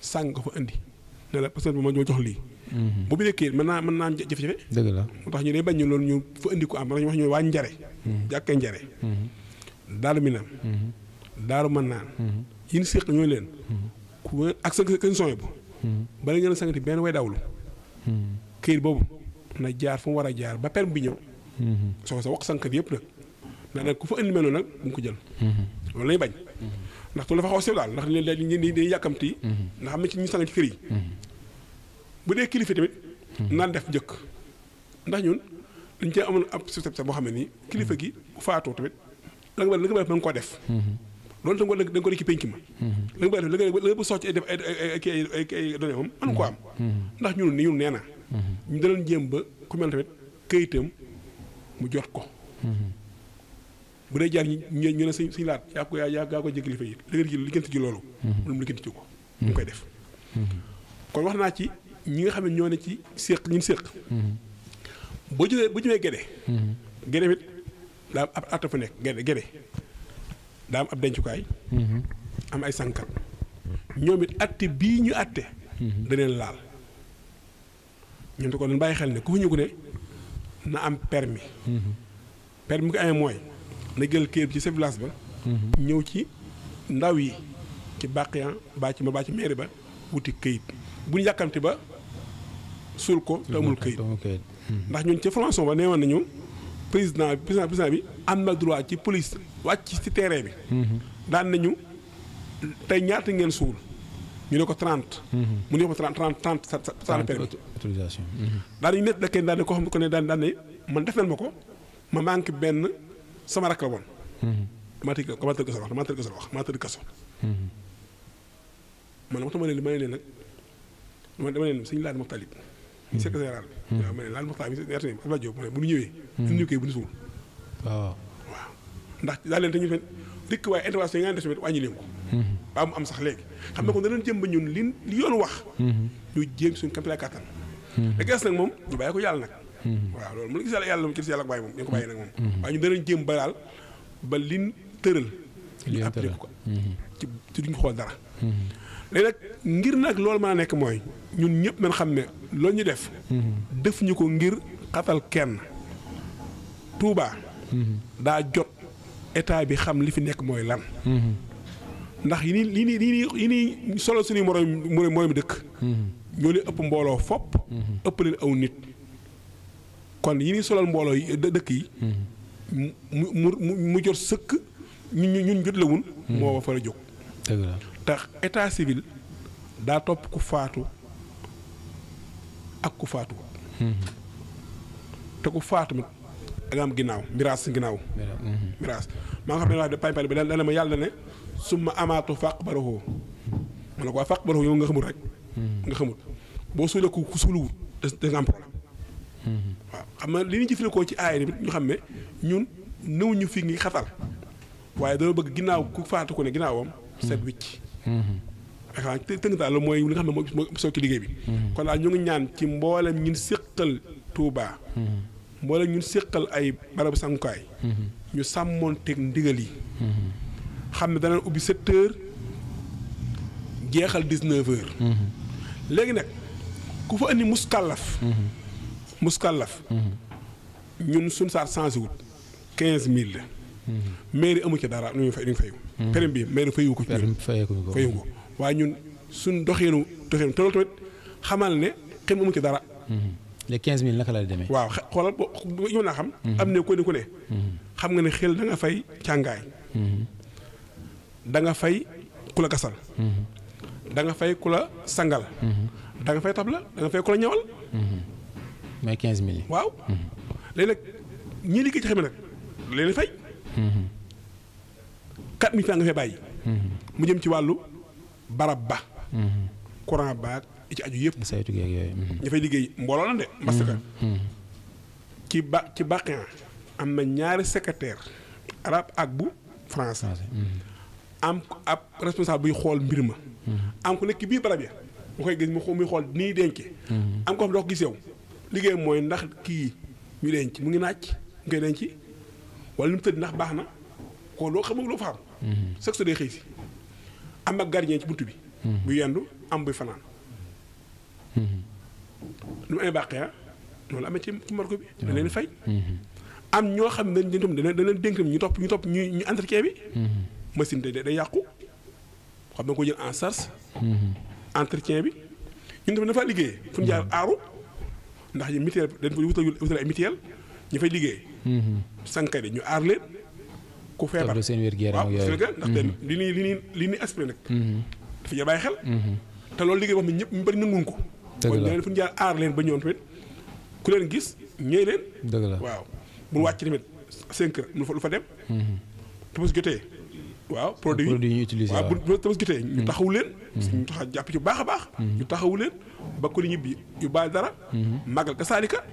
sàng ko fa indi ne la parce ma jox lii bu bi nekkee mën naa mën naa am jafe-jafe la moo tax ñu day bañ ñu loolu ñu fa indi ko am dañu wax ñu waa njare mm-hmm. jàkkee njare mm-hmm. daaru minam mm-hmm. daaru mën naan yin séq ñooy leen ku ak sa a sangati benn way dawlu këyit boobu na jaar fu war a jaar ba perm bi ñëw soo sa wax sankat yëpp nag ndax nag ku fa indi mel noonu nag bu ko jël loolu lañu bañ ndax tu dafa xaw a sew daal ndax leen dañuy yàkkamti ndax am na ñu sang kër yi bu dee kilifa tamit. naan def njëkk. ndax ñun dañ cee amul ab système boo xam ne nii kilifa gi bu faatoo tamit la nga bëgg a def na ko def. loolu tam da nga ko def ci penc ma. la nga bëgg a def la nga bëgg a soxla ci ay def ay ay ay ay ko am. ndax ñun nee na. ñu jéem ba ku mel mu jot ko. bu dee jaar ñu ñu ne suñ suñ laat yaa ko ko jëg kilifa yi li ngeen loolu. Mhm. moom li ngeen koy def. kon wax naa ci. ñi nga xam ne ñoo ne ci séq ñun séq. Mm-hmm. boo jëlee bu jëlee gede. Mm-hmm. gede it daa am ab atta fa nekk gede daa am ab dencukaay. Mm-hmm. am ay sànqal ñoom it atte bii ñu atte. daneen laal. ñun da ko doon bàyyi xel ne ku fi ñu ko ne na am permi permis bi amee mooy na jël kër ci sa ba. ñëw ci ndaw yi ci bàqiyan baa ci ba baa ci mairie ba wuti këyit bu ñu yàkkamti ba. suul ko te amul këyit ndax ñun ca François ba neewoon nañu président bi président président bi am na droit ci police wàcc ci terrain bi. Mm-hmm. daan nañu tey ñaata ngeen suul ñu ne ko 30. Mm-hmm. mu ne ko 30 30 sa sa autorisation. daan nañu nekk daan ne xam ne daan daan man def nañ ma ko ma manqué benn sama rakk la woon. damaa tëj ko damaa tëj kaso wax damaa tëj kaso wax damaa tëj kaso. man ma ne li ma ne leen nag dama ne leen sëñ Laat ñu mmh. secrétaire général bi. Mmh. waaw ma ne laal Muxtaar mi RTS bi Abdoulaye Diop ma ne bu ñu ñëwee. suñu mmh. ñëw kay bu ñu suul. waaw waaw ndax daal leen te ñu fen dëkk waaye intervention yi nga def tamit leen ko. ba am sax xam ne kon danañ jëm ba ñun li li yoon wax. ñu jéem suñu kéemtalaay kàttan. te gees nag moom ñu bàyyi ko yàlla nag. waaw loolu mu la gis yàlla yàlla moom ci yàlla ak bàyyi moom ñu ko bàyyi nag moom. waaye ñu danañ jéem ba daal ba liñ tëral. ñu appliqué ko ci duñ xool dara. léegi nag ngir nag loolu mën nekk mooy ñun ñëpp nañ xam ne loolu ñu def. Mm-hmm. def ñu ko ngir xatal kenn. Touba. Mm-hmm. daa jot état bi xam li fi nekk mooy lan. Mm-hmm. ndax yi nii yi nii yi nii solo suñuy moroom moroom dëkk. ñoo leen ëpp mbooloo fopp. ëpp leen aw nit. kon yi nii solal mbooloo yi dëkk yi. mu mu mu jot sëkk ñun ñun jot la wun moo fa la jóg. tax état civil daa topp ku faatu ak ku faatu. Mm-hmm. te ku faatu mi da am ginnaaw miraas si ginnaaw. miraas mm-hmm. Mm-hmm. maa nga xam ne daal bi dana yàlla ne su ma amaatu fàq barahoo ko waa fàq yow nga xamul rek. nga xamul boo li ñu ci aay bi ñu xam ne ñun néew ñu waaye dama bëgg ginnaaw ku faatu ko ne ginnaawam. set wicc waaw tënk daal mooy li nga xam ne moo soo ci liggéey bi. Mm-hmm. kon daal ñu ngi ñaan ci mboolem ñun séqal Touba. Mm-hmm. mboolem ñun séqal ay barabu sangukaay. Mm-hmm. ñu sàmmoonteeg ndigal yi. xam ne dana ubbi sept heures jeexal dix neuf léegi nag ku fa indi muskàllaf. muskàllaf. ñun suñ saar changé wut quinze mille la. mairie amu ci dara nu ñu fay nu ñu fayu Mm-hmm. permis bi mais fayu ko ci ñun ko waaye ñun suñ doxeenu doxeenu te loolu tamit xamal ne kenn amu ci dara mm-hmm. les quinze mille naka la demee waaw xoolal boo yow naa xam mm-hmm. am ne ko ni ku ne xam nga ne xel da fay càngaay da fay ku la gasal da nga fay ku la sangal da fay tabla da nga fay ku la ñawal mooy quinze mille waaw léegi nag ñii liggéey ci xam nag leen fay quatre mille francs nga fee bàyyi. Mm-hmm. mu jëm ci wàllu barab ba. Mm-hmm. courant baag ci aju yëpp. saytu geeg yooyu. Mm-hmm. ña liggéey mbooloo lan de. parce que ci ba ci Baqia am na ñaari secrétaire arab ak bu français. am ab responsable buy xool mbir ma. am ku nekk biir barab ya mu koy gis mu xool nii denc. am ko xam doo ko gis yow liggéey mooy ndax kii ñu denc mu ngi naaj mu koy denc wala lu mu tëdd ndax baax na koo loo xam loo fa xam chaque jour day xëy si am ak gardien ci bunt bi. bu mhm. yendu am buy fanaan. Mhm. lu mu amee bàqee ah loolu amee ci ci morgue bi. da leen fay. Mhm. am ñoo xam ne dañ leen dañ leen dénk ñu topp ñu topp ñu ñu entretien bi. machine day day yàqu xam nga ko jël en charge. entretien bi ñun tamit dafa liggéey fu ñu jaar aaru ndax ñu mutuelle dañ ko wutal wutal ay mutuelle ñu fay liggéey. sànqal yi ñu aar leen. ku feebar toog seen mm-hmm. li ñuy li ñuy li ñuy aspiré nag. Mm-hmm. dafa bàyyi xel. Mm-hmm. te loolu liggéey wax mi ñëpp ñu bëri nanguñ ko. dëgg la mooy fu aar leen ba ñoom tamit ku leen gis ñëw leen. dëgg la waaw bu wàcc tamit seen kër lu fa lu fa dem. te jotee. waaw produit yi ñu utilisé waaw bu tamas jotee ñu taxawu leen ñu baax a baax ñu taxawu leen ba ko li ñibbi yu baal dara màggal ka saalika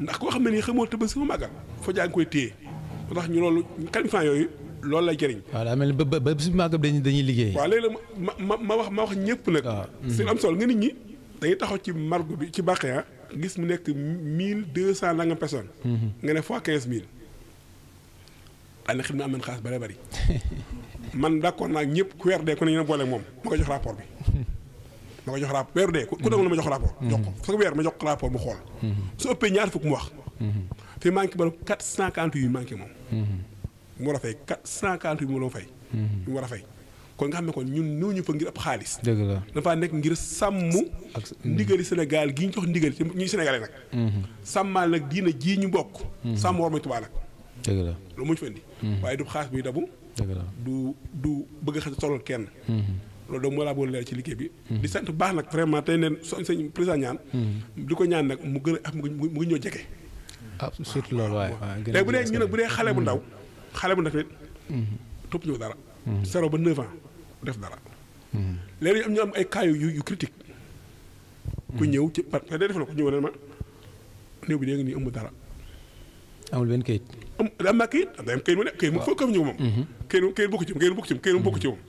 ndax koo xam ne nii xamoo tamas sama màggal foo jaa ngi koy téye ndax ñu loolu qualifiant yooyu loolu lay jëriñ. waaw daa mel ni ba ba suñu màggam dañuy dañuy liggéey. waaw léegi ma ma ma wax ma wax ñëpp nag. si am solo nga nit ñi dañuy taxaw ci margo bi ci Bakhia gis mu nekk mille deux cent nangam personnes. Mm-hmm. nga ne fois quinze mille. daanaka xam ne am nañu xaalis man d'accord naa ñëpp ku weer dee ku ne ñu ne moom ma ko jox rapport bi. ma ko jox rapport weer dee ku ne ma jox mm-hmm. ko jox rapport mu xool. Mm-hmm. su ëppee ñaar fukk mu wax. te manqué ba la quatre cent quarante yu manqué moom. mu war a fay quatre cent quarante yu mu war a fay. Mhm. mu war a fay kon nga xam ne ko ñun ñooñu fa ngir ab xaalis. dëgg la dafa nekk ngir sàmm. ndigali mhm. Sénégal gi ñu jox ndigali te ñuy sénégalais nag. Mhm. sàmmaal nag diina ji ñu bokk. sàmm war mooy Tuubaa nag. dëgg la loolu moo du xaalis buy dabu. dëgg la du du bëgg a xas kenn. loolu doomu moo laa boole leer ci liggéey bi. di sant baax nag vraiment tey neen sëñ président ñaan. di ko ñaan nag mu gën a mu ngi ñoo jege. ah surtout loolu waaye léegi bu dee ñu ne xale bu ndaw xale bu ndaw tamit mm-hmm. topp ñu dara mm-hmm. zéro ba neuf ans def dara mm-hmm. léegi ñu am ay cas yu yu critique ku ñëw ci parce que day def na ko ñëw ne ma néew bi dee nga nii amul dara amul benn kayit am naa kayit am naa mu ne kayit mu foo kam ñëw moom kayit bokk ci kayit bokk ci kayit bokk ci moom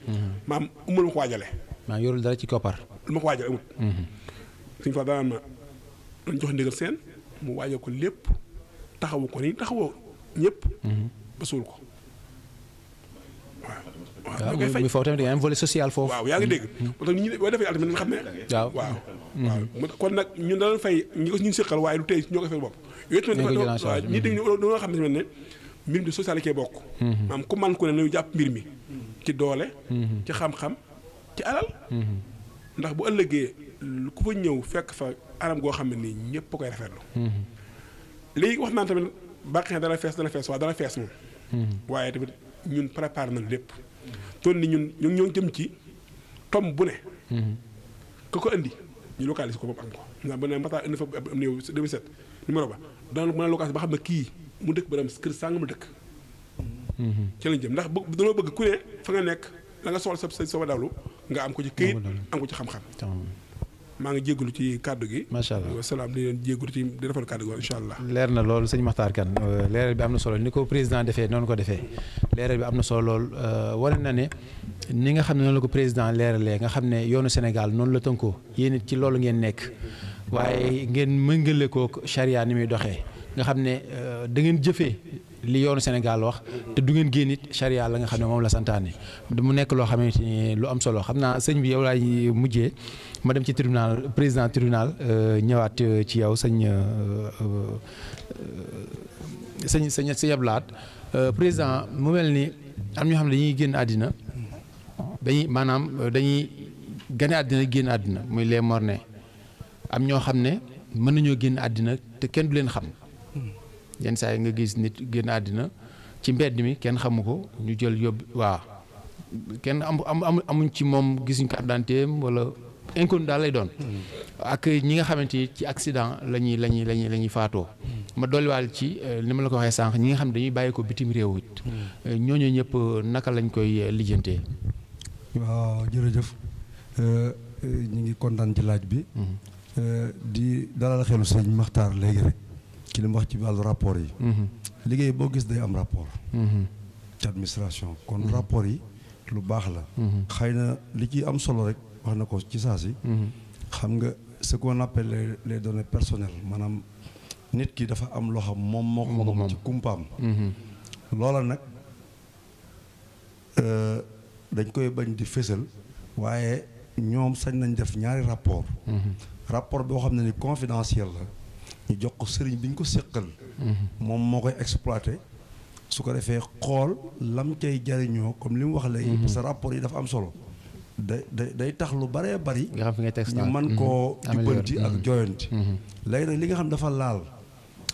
maam amul ma ko waajale maam yorul dara ci koppar lu ma ko waajale amul suñu fa daan ma dañ jox seen mu waajal ko lépp taxawu ko ni taxawoo ñëpp. ba suul ko. waaw waaw muy foofu tamit da nga am volet social foofu. waaw yaa ngi dégg. Mm-hmm. moo tax nit ñi defee alal tamit xam ne. waaw waaw. Mm-hmm. kon nag ñun da doon fay ñi ko ñu lu tey ñoo ko fay bopp. yooyu mm-hmm. xam ne ne mbir mi de social kee bokk. maanaam ku man ku ne nañu jàpp mbir mi. ci doole. ci xam-xam ci alal. ndax bu ëllëgee ku fa ñëw fekk fa anam goo xam ne nii ñëpp a koy rafetlu. léegi wax naa tamit bàqee dana fees dana fees waa dana fees moom. Hmm. waaye tamit ñun préparé nañ lépp. toll ni ñun ñoo ñoo jëm ci tom bu ne. Hmm. ko ko indi ñu localiser ko bopp am ko. ndax bu ne Matar indi fa am néew 2007 numéro ba daanaka mën a localiser ba xam ne kii mu dëkk ba dem kër sàng mu dëkk. Hmm. ci lañ jëm ndax bu dañoo bëgg ku ne fa nga nekk la nga soxla sa sa dawlu nga am ko ci këyit am ko ci xam-xam. maa ngi jégalu ci kàddu gi. macha allah wasalaam di leen jégalu ci di defal allah. leer na loolu sëñ Makhtar Kane euh, leeral bi am na solo ni ko président defee noonu ko defee leeral bi am na solo lool euh, wane na ne ni nga xam ne noonu la ko président leeralee nga xam ne yoonu Sénégal noonu la tënkoo yéen it ci loolu ngeen nekk waaye ngeen mën mëngale kook charia ni muy doxee nga xam ne euh, da ngeen jëfee. li yoonu Sénégal wax te du ngeen génn it charia la nga xam ne moom la santaane mu nekk loo xamante ni lu am solo xam naa sëñ bi yow laay mujjee dem ci tribunal président tribunal euh, ñëwaat euh, ci yow sëñ euh, sëñ sëñ sëñ Ablaat président mu mel ni am ñoo xam ne dañuy génn àddina dañuy maanaam dañuy gane àddina génn àddina muy les mornais am ñoo xam ne mën nañoo génn àddina te kenn du leen xam yenn saa yi nga gis nit génn àddina ci mbedd mi kenn xamu ko ñu jël yóbbu waaw kenn am am amuñ ci moom gisuñ ko d'identité wala inconnu daal lay doon. ak ñi nga xamante ni ci accident la ñuy la ñuy la ñuy faatoo. ma dolliwaal ci euh, ni ma la ko waxee sànq ñi nga xam dañuy bàyyi ko bitim réew it. Euh, ñooñu ñëpp euh, naka lañ koy lijjantee. waaw jërëjëf ñu ngi kontaan ci laaj bi. Mm-hmm. di dalal xelu sëñ Maxtaar léegi rek. ci li wax ci wàllu rapport yi. Mhm. liggéey boo gis day am rapport. Mhm. ci administration mhm. kon rapport yi lu baax la. xëy na li ci am solo rek wax na ko ci saa si. xam nga ce qu'on appelle les les données personnelles maanaam nit ki dafa am loo xam moom moo ko moom ci kumpaam. loola nag euh, dañ koy bañ di fësal waaye ñoom sañ nañ def ñaari rapport rapport boo xam ne ni confidentiel la. ñu jox ko sëriñ bi ñu ko séqal moom moo koy exploité su ko defee xool lam cay jariñoo comme li mu wax léegi parce que rapport yi dafa am solo day day tax lu baree bari ñu man koo mm-hmm. jubbanti ak mm-hmm. joyanti mm-hmm. léegi nag li nga xam dafa laal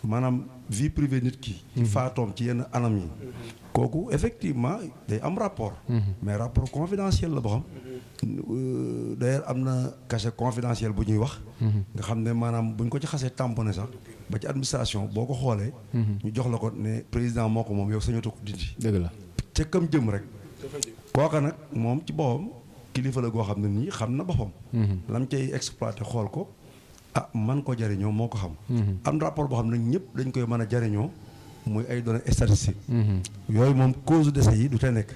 maanaam vie privée nit ki ci faatoom ci yenn anam yi kooku effectivement day am rapport mais rapport confidentiel la boxam Euh, d'ailleurs am na cachet confidentiel bu ñuy wax. Mhm. nga xam ne maanaam buñ ko ci xasee tamponné sax ba ci administration boo ko xoolee. Mhm. ñu jox la ko ne président moo ko moom yow sañatu ko dindi. dëgg la ca kam jëm rek. kooka nag moom ci boppam kilifa la goo xam ne nii xam na boppam. Mhm. lam cay exploité xool ko ah man ko jariñoo moo ko xam. am rapport boo xam ne ñëpp dañ koy mën a jariñoo muy ay données statistiques. yooyu moom cause décès yi du te nekk.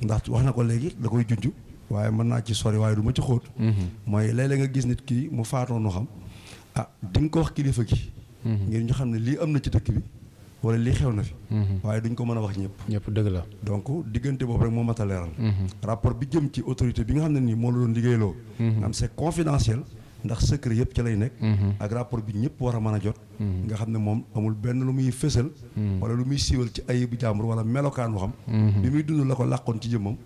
ndax wax na ko léegi da koy junj. waaye mën naa ci sori waaye du ma ci xóot. Mhm. mooy léeg nga gis nit ki mu faatoo nu xam ah di nga ko wax kilifa ki mhm. ngir ñu xam ne lii am na ci dëkk bi wala lii xew na fi. Mhm. waaye duñ ko mën a wax ñëpp. ñëpp dëgg la. donc diggante boobu rek moo mat a leeral. rapport bi jëm ci autorité bi nga xam ne nii moo la doon liggéeyloo. nga am c'est confidentiel. ndax secret yëpp ci lay nekk. ak rapport bi ñëpp war a mën a jot. nga xam ne moom amul benn lu muy fësal. wala lu muy siiwal ci ay bu jàmbur wala melokaan waxam. bi muy dund la ko làqoon ci jëmmam.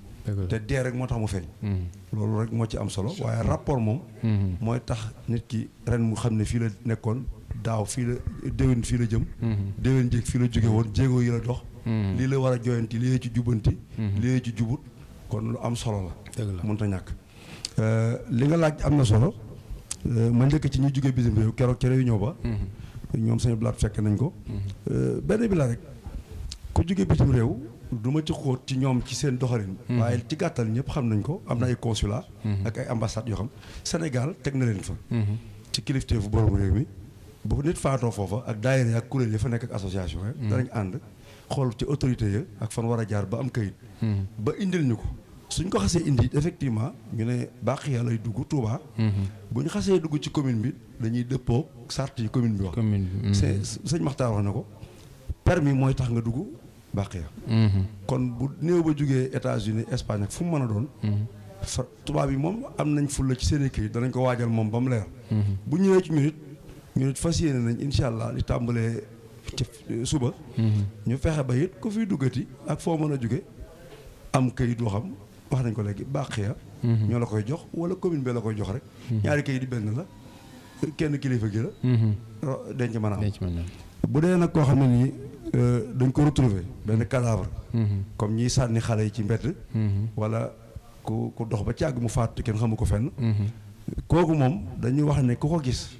te dee rek moo tax mu feeñ hmm. loolu rek moo ci am solo waaye rapport moom hmm. mooy tax nit ki ren mu xam ne fii la nekkoon daaw fii la déwin fii la jëm hmm. déwén jéeg fii la jóge woon jéego yi la dox lii la war a joyanti lii la ci jubanti lii la ci jubut kon lu am solo la mënut a ñàkk euh, li nga laaj am na solo euh, ma njëkk ci ñu jóge bisim réew keroog yu ñëw ba ñoom sañu blaat fekk nañ ko euh, benn bi la rek ku jóge bitim réew du ma ci xóot ci ñoom ci seen doxalin. Hmm. waaye ci gàttal ñëpp xam nañ ko am na ay consulat. Hmm. ak ay ambassades yoo xam Sénégal teg na leen fa. Hmm. ci kilifteefu borom réew mi bu nit faatoo foofa ak daayira ak kuréel yi fa nekk ak association yi. danañ ànd xool ci autorité ya ak fan war a jaar ba am kayit. ba indil ñu ko suñ ko xasee indi effectivement ñu ne baax yàlla ay dugg Touba. bu ñu xasee dugg ci commune bi dañuy dëppoo sart yi commune bi wax. commune bi sëñ Maxtaar wax na ko permis mooy tax nga dugg. bàq ya mhm. kon bu néew ba jógee États-Unis Espagne ak fu mu mën a doon mhm. fa tubaab yi moom am nañ la ci seen kii danañ ko waajal moom ba mu leer mhm. bu ñëwee ci ñun it ñun it fas yéene nañ incha allah li tàmbalee ci suba ñu fexe ba it ku fiy duggati ak foo mën a jóge am kayit woo xam wax nañ ko léegi bàq ya ñoo la koy jox wala commune bi la koy jox rek ñaari kayit yi benn la kenn kilifa gi la denc mën a am bu dee nag koo xam ne nii Euh, dañ ko retrouver benn cadavre comme ñi sànni xale yi ci mbedd wala ku ku dox ba ci àgg mu faatu kenn xamu ko fenn kooku moom dañuy wax ne ku ko gis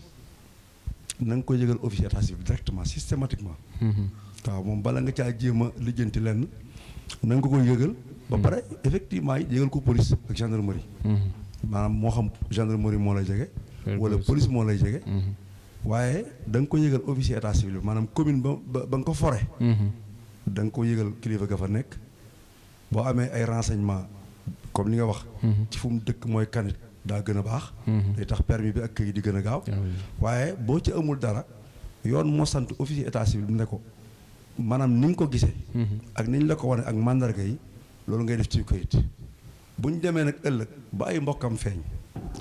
na nga ko yëgal officier état civil directement systématiquement waaw moom bala nga caa jéem lijjanti lenn na nga ko koy yëgal ba pare effectivement yi yëgal ko police ak gendarmerie maanaam moo xam gendarmerie moo lay jege wala police moo lay jege waaye danga ko yëgal officier état civil bi maanaam commune ba ba nga ko fore mhm. danga nga ko yëgal kilifa ga fa nekk boo amee ay renseignement comme li nga wax mhm. ci fu mu dëkk mooy kanit daa gën a baax mhm. day tax permis bi ak këyit di gën a gaaw ah waaye boo ci amul dara yoon moo sant officier état civil bi ne ko maanaam ni mu ko gisee ak ni ñu la ko wane ak mandarga yi loolu ngay def ci këyit bu ñu demee nag ëllëg ba ay mbokkam feeñ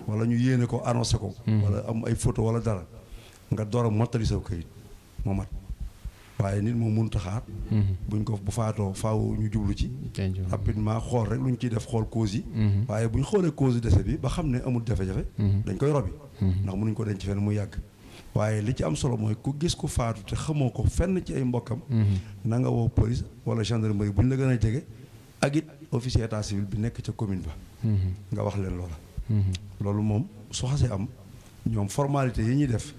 wala ñu yéene ko annoncé ko wala am ay photo wala dara nga door a mottali saw kayit moo mat waaye nit moom mënut a xaar. Mm-hmm. buñ ko bu faatoo faaw ñu jublu ci. rapidement xool rek luñ ciy def xool cause yi. Mm-hmm. waaye buñ xoolee cause décès bi ba xam ne amul jafe-jafe. Mm-hmm. dañ koy robi. ndax mënuñ ko denc fenn mu yàgg. waaye li ci am solo mooy ku gis ku faatu te xamoo ko fenn ci ay mbokkam. na nga woo police wala gendarmerie buñ la gën a jege. ak it officier état civil bi nekk ca commune ba. nga wax leen loola. loolu moom su xasee am ñoom formalité yi ñuy def.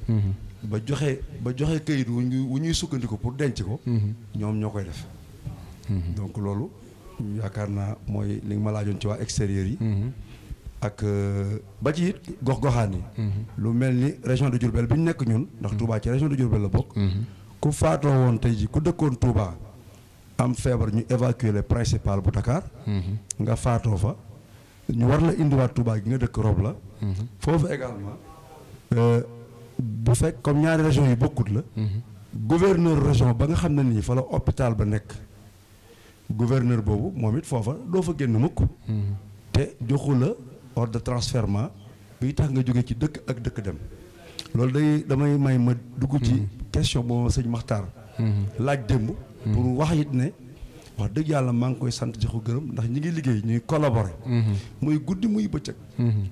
ba joxe ba joxe kayit wu ñuy wu ñuy sukkandiku pour denc ko. Mhm. ñoom ñoo koy def. Mhm. donc loolu yaakaar naa mooy li nga ma laajoon ci waa extérieur yi. Mhm. ak euh, ba ci it gox-goxaan yi. lu mel ni région de Diourbel bi ñu nekk ñun. ndax Touba ci région de Diourbel la bokk. ku faatoo woon tey ji ku dëkkoon Touba am feebar ñu évacuer le principal bu Dakar. nga faatoo fa ñu war la indiwaat Touba gi nga dëkk Rob la. foofu également. Euh, bu fekk comme ñaari région yi bokkut la mhm. gouverneur région ba nga xam ne nii fa la hôpital ba nekk gouverneur boobu moom it foofa doo fa génn mukk mhm. te joxu la ordre de transfèrement bi tax nga jóge ci dëkk ak dëkk dem loolu day damay may ma dugg ci mhm. question boo sëñ Maxtaar laaj démb pour wax it ne wax dëgg yàlla maa ngi koy sant joxu gërëm ndax ñi ngi liggéey ñuy collaborer muy guddi muy bëccëg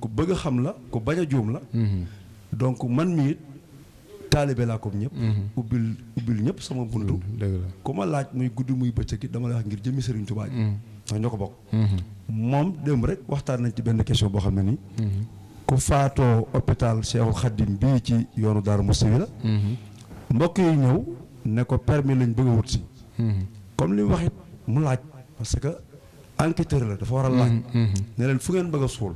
ku bëgg xam la ku bañ juum la donc man mi it taalibe laa comme ñëpp. Mhm. ubbil ubbil ñëpp sama buntu. dëgg la ku ma laaj muy guddi muy bëccëg it dama lay wax ngir jëmmi Serigne Touba ji. Mhm. ndax ñoo ko bokk. Mhm. moom démb rek waxtaan nañ ci benn question boo xam ne nii. ku faatoo hôpital Cheikhul Khadim bii ci yoonu Darou Mousty la. mbokk yi ñëw ne ko permis lañ bëgg a si. comme li mu wax it mu laaj parce que enquêteur la dafa waral a laaj. ne leen fu ngeen bëgg a suul.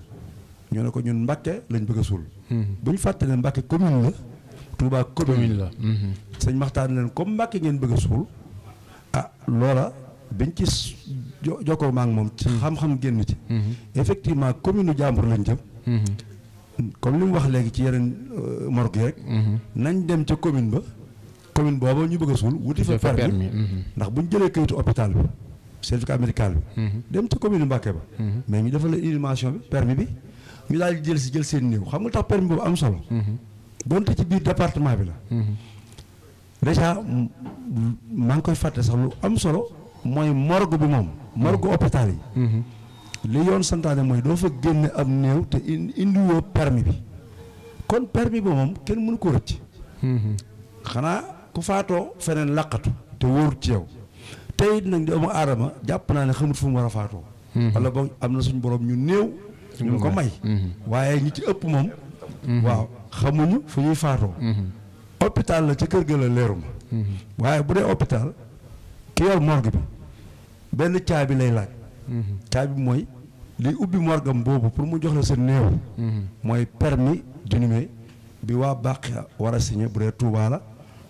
ñu ne ko ñun Mbacke lañ bëgg a suul. Hmm. bu ñu fàtte ne commune la. Touba commune la. Hmm. sëñ Maxtaar leen comme Mbacke ngeen bëgg a suul. ah loola biñ ci jokkoo ma ak moom ci hmm. xam-xam génn ci. effectivement commune jàmbur lañ jëm. comme li mu wax léegi ci yeneen euh, morgue yi rek. nañ dem ca commune ba. commune booba ñu bëgg a suul wuti fa permis ndax bu ñu jëlee kayitu hôpital bi certificat médical bi. dem ca commune Mbacke ba. mais ñu defal la inhumation ñu daal jël si jël seen néew xam nga tax permis boobu am solo. donte ci biir département bi la. dèjà maa ngi koy fàtte sax lu am solo mooy morgue bi moom morgue hôpital yi. li yoon santaane mooy doo fa génne ab néew te indiwoo permis bi kon permis bi moom kenn mënu ko rëcc. xanaa ku faatoo feneen laqatu te wóorut ci yow tey nag di doomu aadama jàpp naa ne xamut fu mu war a faatoo. wala boog am na suñu borom ñu néew. ñu ngi ko may mm-hmm. Mm-hmm. waaye ñi ci ëpp moom mm-hmm. waaw xamuñu fu ñuy faatoo hôpital la ci kër gi la leeru ma waaye bu dee hôpital ki yor morgue bi benn caabi lay laaj caabi mooy li ubbi morgam boobu pour mu jox la sa néew mooy permis d'inhumer bi waa bàq war a signé bu dee Touba la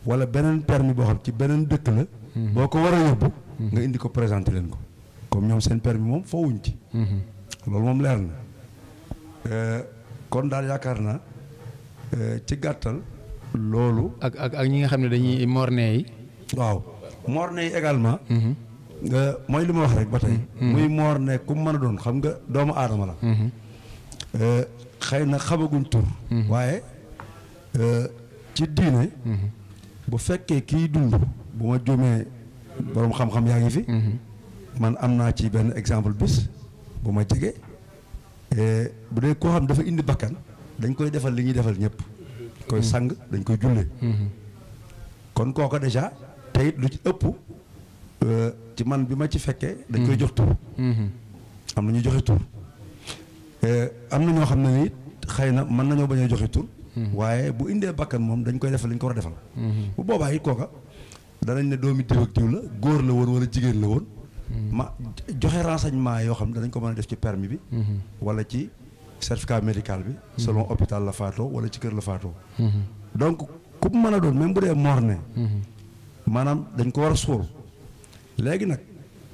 wala beneen permis boo xam ci beneen dëkk la boo ko war a yóbbu nga indi ko présenté leen ko comme ñoom seen permis moom fowuñ ci loolu moom leer na Eh, kon daal yaakaar na eh, ci gàttal loolu. ak ak ak ñi nga xam ne dañuy morne yi. waaw morne yi également. Mm-hmm. Eh, mooy li ma wax rek ba tey. Mm-hmm. muy morne ku mën a doon xam nga doomu aadama la. Mm-hmm. xëy na xamaguñ tur. waaye ci diine. bu fekkee kiy dund bu ma jumee boroom xam-xam yaa ngi fi. man am naa ci benn exemple bis bu ma jege. Eh, bu dee koo xam dafa indi bakkan dañ koy defal li ñuy defal ñëpp. dañ koy hmm. sang dañ koy jullee. Hmm. kon kooka dèjà tey lu ci ëpp eh, ci man bi ma ci fekkee. dañ koy hmm. jox tur. am na ñu joxe tur. Eh, am na ñoo xam ne ni xëy na mën nañoo bañ a joxe tur. waaye bu indee bakkan moom dañ koy defal li ko war a defal. bu boobaa it kooka danañ ne doomi diw ak diw la góor la woon wala jigéen la woon. ma joxe renseignement yoo xam ne danañ ko mën a def ci permis bi. Mhm. wala ci certificat médical bi. Mhm. selon hôpital la faatoo wala ci kër la faatoo. Mhm. donc ku mën a doon même bu dee morne. maanaam dañ ko war a suul. léegi nag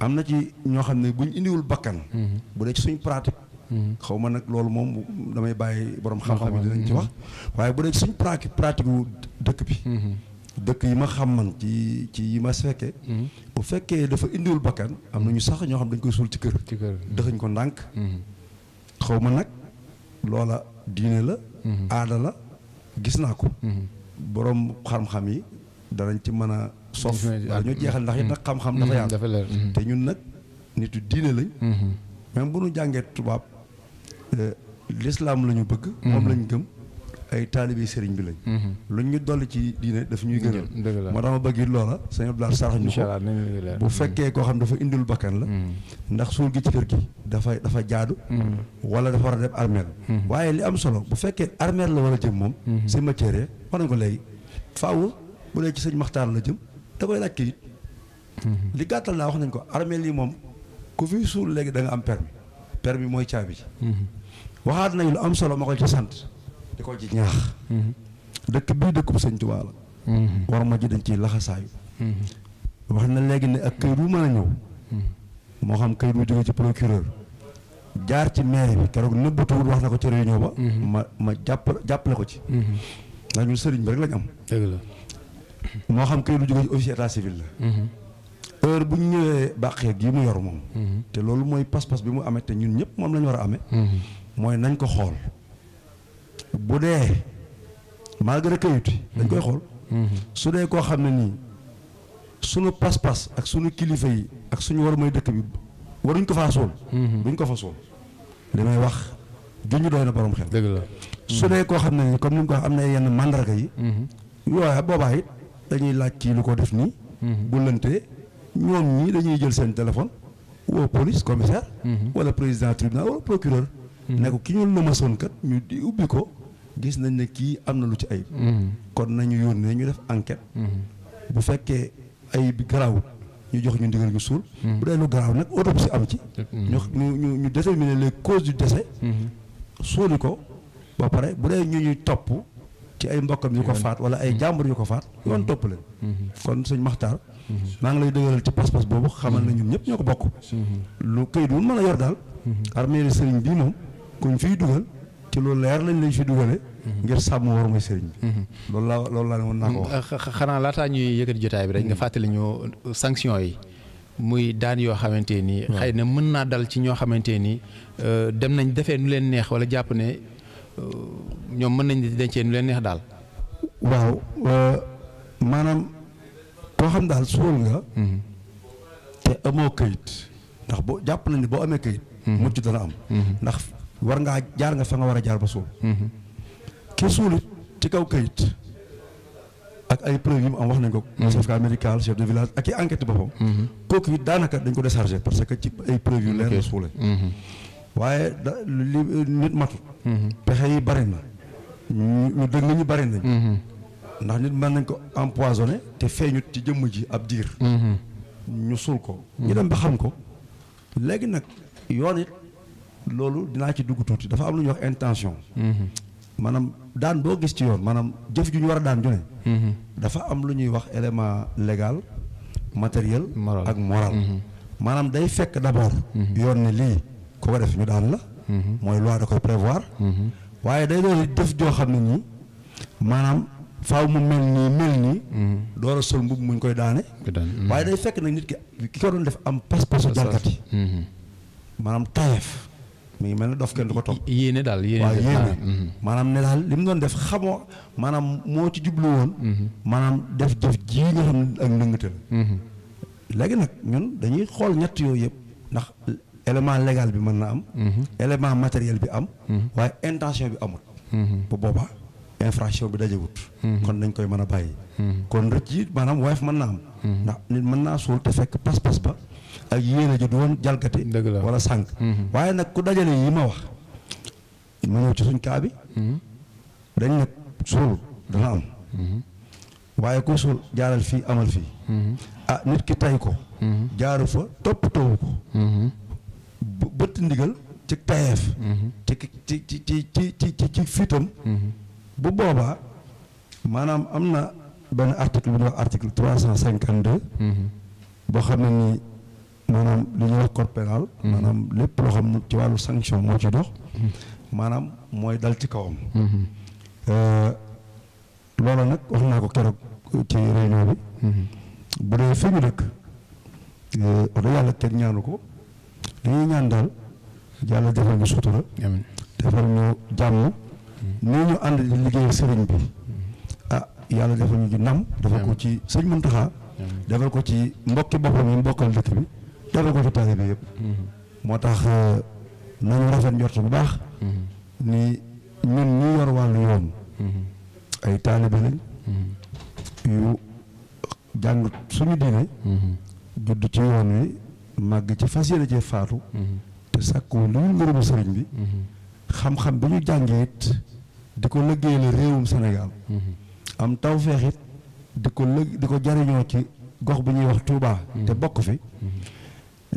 am na ci ñoo xam ne buñ indiwul bakkan. bu dee ci suñ pratique. xaw ma nag loolu moom damay bàyyi borom xam-xam yi dinañ ci wax. waaye bu dee ci suñ pratique pratique wu dëkk bi. dëkk yi ma xam man ci ci yi ma fekke mm-hmm. bu fekkee dafa indiwul bakkan am na ñu sax ñoo xam dañ koy suul ci kër dëxañ ko ndànk mm-hmm. xaw ma nag loola diine la mm-hmm. aada la gis naa ko boroom xam-xam yi danañ ci mën a sof dañoo jeexal ndax it nag xam-xam dafa yaatu te ñun nag nitu diine lañ même bu ñu jàngee tubaab euh, lislaam lañu ñu bëgg moom lañu gëm ay taalibe sëriñ bi lañ mm-hmm. luñ ñu dolli ci diine daf ñuy gënal moo tax ma bëgg loola sëñ Abdoulaye sarax ñu ko bu fekkee koo xam dafa indul bakkan la mm-hmm. ndax suul gi ci kër gi dafa dafa jaadu mm-hmm. wala dafa war a dem armeel waaye li am solo bu fekkee armeel la war a jëm moom si matière war nañ ko léegi faaw bu dee ci sëñ Maxtaar la jëm da koy laaj kayit li gàttal naa wax nañ ko armeel yi moom ku fi suul léegi da nga am permis permis mooy caabi ji waxaat nañ lu am solo ma sant di ko ci ñaax dëkk bii dëkkub sëñ Tuubaa la war ma ji dañ ciy laxasaayu wax na léegi ne ak kayit wu mën a ñëw moo xam kayit wu jóge ci procureur jaar ci maire bi keroog nëbbatuwul wax na ko ci réunion ba ma ma jàpp jàppale ko ci ndax ñun sëriñ bi rek lañ am la moo xam kayit wu jóge ci officier civil la heure bu ñu ñëwee bàqee gii mu yor moom te loolu mooy pas-pas bi mu amee te ñun ñëpp moom la ñu war a amee mooy nañ ko xool bu dee malgré kayit dañ koy xool su dee koo xam na nii sunu pas-pas ak sunu kilifa yi ak suñu war mooy dëkk bi waruñ ko faa suul buñ ko fa suul li may wax junj doy na borom xel dëgg la su dee koo xam ne nii comme ni mu ko am na yenn mandarga yi yooya boobaa it dañuy laaj ci lu ko def nii bu ñoom ñii dañuy jël seen téléphone woo police commissaire mhm. wala président tribunal wala procureur mhm. ne ki ñu lëmasoon kat ñu di ubbi ko gis nañ ne kii am na lu ci ayib. Mm-hmm. kon nañu yónnee ñu def enquête. Mm-hmm. bu fekkee ayib bi ñu jox ñu ndigal ñu suul. Mm-hmm. bu dee lu garaaw nag si am ci. ñu ñu ñu déterminer les causes du décès. suuli ko ba pare bu dee ñu ñuy topp ci ay mbokkam yu ko faat wala ay jàmbur yu ko faat yoon topp leen. kon sëñ Maxtaar. maa ngi lay dëgëral ci pas boobu xamal na ñun ñëpp ñoo ko bokk. lu këyit bu mën a yor daal. armée sëriñ bii moom kuñ fiy dugal. ci lu leer lañ lañ si dugale ngir sàmm war mooy sëriñ bi mhm. loolu laa loolu laa ne mën naa ko xanaa laataa ñuy yëkkati jotaay bi rek nga mhm. fàttali ñu sanction yi muy daan yoo xamante nii xëy na mën naa dal ci ñoo xamante ni euh, dem nañ defee nu leen neex wala jàpp ne euh, ñoom mën nañ dencee nu leen neex daal waaw euh, maanaam koo xam daal suul nga mhm. te amoo kayit ndax boo jàpp nañ ne boo amee kayit mucc dana am ndax war ngaa jaar nga fa nga war a jaar ba suul. Mhm. ki suul ci kaw kayit ak ay preuve yu mu am wax nañ ko. Mhm. certificat médical chef de village ak i enquête boppam. Mhm. kooku it daanaka dañ ko déchargé parce que ci ay preuve yu leer la suule. waaye da li nit matut. pexe yi bari na. ñu dëgg la ñu bari nañ. ndax nit man nañ ko empoisonné te feeñut ci jëmm ji ab diir. ñu suul ko. ñu dem ba xam ko léegi nag yoon it loolu dinaa ci dugg tuuti dafa am lu ñuy wax intention. maanaam daan boo gis ci yoon maanaam jëf ju ñu war a daan ju ne. dafa am lu ñuy wax élément légal matériel. ak moral. Mhm. maanaam day fekk d'abord. Mhm. yoon ne lii ku ko def ñu daan la. Mhm. mooy loi da koy prévoir. waaye day doon def joo xam ne nii maanaam faaw mu mel nii mel nii. door a sol mbubb muñ koy daane. waaye day fekk nag nit ki ki ko doon def am pas-pasu jànkat yi. maanaam tayeef. mi ngi mel ne dof kenn du ko topp yéene daal yéene ah, mhm. maanaam ne daal li mu doon def xamoo maanaam moo ci jublu woon mhm. maanaam def jëf ji nga xam ak lëngate mhm. léegi nag ñun dañuy xool ñett yooyu yëpp ndax élément légal bi mën na am élément matériel bi am waaye intention bi amut bu boobaa infraction bi dajewut kon dañ koy mën a bàyyi kon rëcc maanaam woyof mën na am ndax nit mën naa suul te fekk pas-pas ba ak yéene ju du woon jalgati wala sànq mhm. waaye nag ku dajale yi ma wax ma ñëw ci suñ kaa bi mhm. dañ nag suul dana am mhm. waaye ku suul jaaral fii amal fii ah nit ki tay ko jaaru fa topp toowu ko bëtt ndigal ci tayeef ci ci ci ci ci ci ci fitam bu boobaa maanaam am na benn article bu ñuy wax article trois cent cinquante deux boo xam ne nii maanaam li ñuy wax code mhm. maanaam lépp loo xam ci wàllu sanction moo ci dox mhm. maanaam mooy dal ci kawam mhm. euh, looloo nag wax naa ko keroog ci réunion bi bu dee fi ñu dëkk euh, yàlla kenn ñaanu ko li ñuy ñaan daal yàlla defal ñu sutura defal ñu jàmm nii ñu ànd di liggéey sëriñ bi ah yàlla defal ñu ci ndam defal ko ci sëñ Muntaxa defal ko ci mbokki boppam yi mbokkal dëkk bi jaral ko fi taalibe yëpp. Mm-hmm. moo tax euh, nañu rafet njort bu baax. Mm-hmm. ni ñun ñu yor wàllu yoon. Mm-hmm. ay taalibe lañ. yu jàng suñu diine. judd ci yoon wi màgg ci fas yéene cee faatu. te sakku lu ñu ngërëmu sëriñ bi. xam-xam bi ñu jàngee it di ko liggéeyal réewum Sénégal. am taw feexit di ko lëg di ko jariñoo ci gox bu ñuy wax Touba. te bokk fi.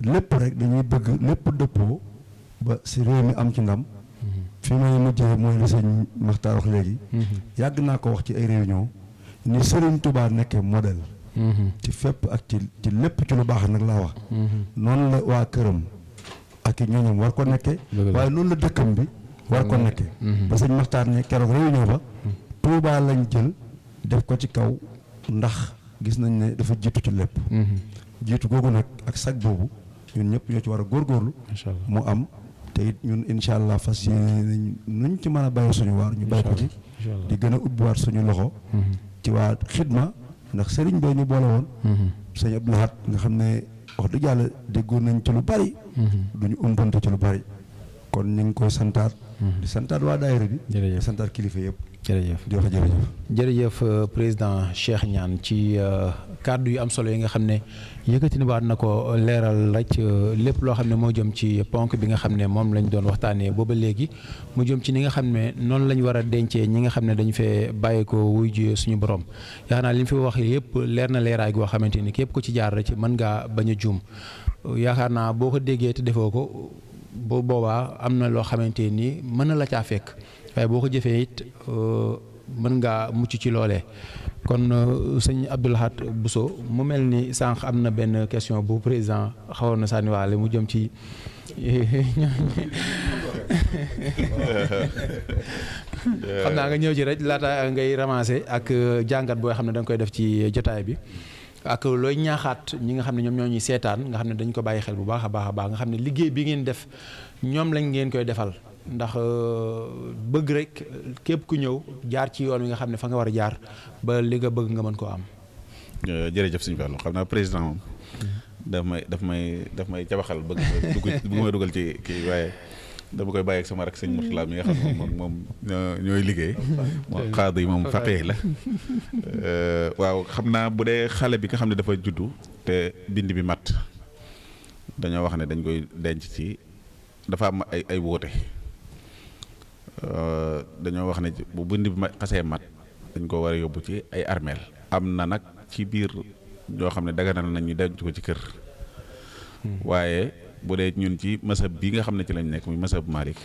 lépp rek dañuy bëgg lépp dëppoo ba si réew mi am ci ndam fi may mujjee mooy li sëñ Maxtaar wax léegi yàgg naa ko wax ci ay réunion ni Serigne Touba nekkee modèle ci fépp ak ci ci lépp ci lu baax nag laa wax noon la waa këram ak i ñooñam war ko nekkee waaye noonu la dëkkam bi war ko nekkee ba sëñ Maxtaar ne keroog réunion ba Touba lañ jël def ko ci kaw ndax gis nañ ne dafa jiitu ci lépp mm-hmm. jiitu googu nag ak sag boobu ñun ñëpp ñoo ci war a góorgóorlu mu am te it ñun incha allah fas yéene nuñ ci mën a bàyyi suñu waar ñu bàyyi ko di gën a ubbiwaat suñu loxo mm-hmm. ci waa xidma ndax sëriñ bee ñu boole woon mm-hmm. sëñ Abdou Lahat nga xam ne wax dëgg yàlla déggoon nañ ci lu bari mm-hmm. duñu umpante ci lu bari kon ni ngi ko santaat. Mm-hmm. di waa daayira bi. jërëjëf santaat kilifa yëpp. jërëjëf di wax jërëjëf. jërëjëf euh, président Cheikh ñaan ci euh, kàddu yu am solo yi nga xam ne yëkkati waat na ko euh, leeral rek lépp loo xam ne moo jëm ci ponk bi nga xam ne moom lañ doon waxtaanee booba léegi mu jëm ci ni nga xam ne noonu lañ war a dencee ñi nga xam ne dañu fee bàyyi ko wuy ji suñu borom yaakaar naa li mu fi wax yëpp leer na leeraay goo xamante ni képp ku ci jaar rek mën ngaa bañ a juum yaakaar naa boo ko déggee te defoo ko. bu boobaa am na loo xamante nii mën na la caa fekk waaye boo ko jëfee it euh, mën ngaa mucc ci loole kon euh, sëñ Abdou Lahad Bousso mu mel ni sànq am na benn question bu président xawoon na sànniwaale mu jëm ci. xam naa nga ñëw ci rek laata ngay ramasser ak euh, jàngat booy xam ne da koy def ci jotaay bi. ak looy ñaaxaat ñi nga xam ne ñoom ñoo ñuy seetaan nga xam ne dañ ko bàyyi xel bu baax a baax a baax nga xam ne liggéey bi ngeen def ñoom lañ ngeen koy defal ndax euh, bëgg rek képp ku ñëw jaar ci yoon wi nga xam ne fa nga war a jaar ba li nga bëgg nga mën koo am. Euh, jërëjëf sëñ Fallou xam naa président moom. Mhm. daf may daf may daf may jabaxal bëgg ma ci kii waaye. dama koy bàyyi sama rak sëñ mm-hmm. Mourtala mi xam ne moom moom ñooy liggéey. moom xaada yi moom faqee la. Euh, waaw xam naa bu dee xale bi nga xam ne dafa juddu te bind bi mat dañoo wax ne dañ koy denc ci dafa am ay ay wóote euh, dañoo wax ne bu bind bi xasee mat dañ koo war a yóbbu ci ay armeel am na nag ci biir ñoo xam ne daganal nañ ñu denc ko ci kër hmm. waaye. bu dee ñun ci masab bi nga xam ne ci lañ nekk muy masab Malik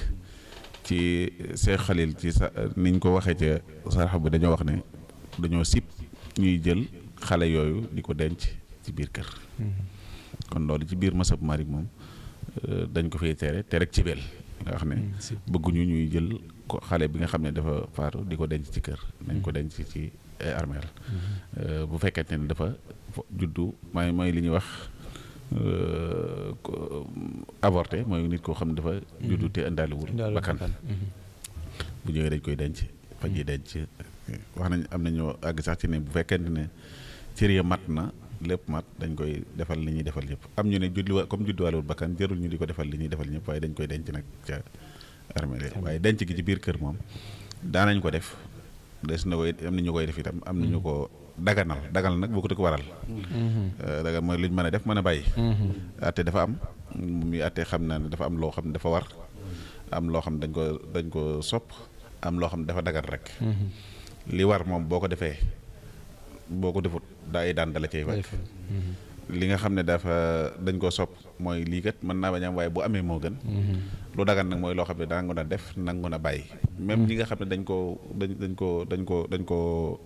ci Seex Xalil ci sa niñ ko waxee ca sarxa bi dañoo wax ne dañoo sip ñuy jël xale yooyu di ko denc ci biir kër mm-hmm. kon loolu ci biir bu Malik moom euh, dañ ko fi tere te rek ci bel nga xam ne mm-hmm. bëgguñu ñuy jël ko xale bi nga xam ne dafa faatu di ko denc ci kër nañ ko mm-hmm. denc ci armeel euh, bu fekkente ne dafa juddu may mooy li ñuy wax Euh, avorté mooy nit koo xam ne dafa mm-hmm. juddu te indaale wul bakkan mm-hmm. bu ñëwee dañ koy denc faj yi mm-hmm. denc wax nañ am nañoo àgg sax ci ne bu fekkente ne cër ya mat na lépp mat dañ koy defal li ñuy defal ñëpp am ñu ne judduwa comme judduwaalewul bakkan jërul ñu di ko defal li ñuy defal ñëpp waaye dañ koy denc nag ca armée waaye denc gi ci biir kër moom daanañ ko def des na koy am na ñu koy def itam am na ñu ko daganal daganal nag ko ak waral. Mm-hmm. Euh, daganal mooy luñ mën a def mën a bàyyi. Mm-hmm. atte dafa am muy atte xam naa ne dafa am loo xam ne dafa war. loo xam dañ ko dañ ko sopp am loo xam dafa dagan rek. Mm-hmm. li war moom boo ko defee boo ko defut daa ay daan dala li nga xam ne dafa dañ koo sopp mooy lii kat mën naa bañ am waaye bu amee moo gën. lu dagan nag mooy loo xam ne nangu a def nangu na bàyyi. même ñi nga xam ne dañ koo dañ dañ koo dañ koo dañ koo.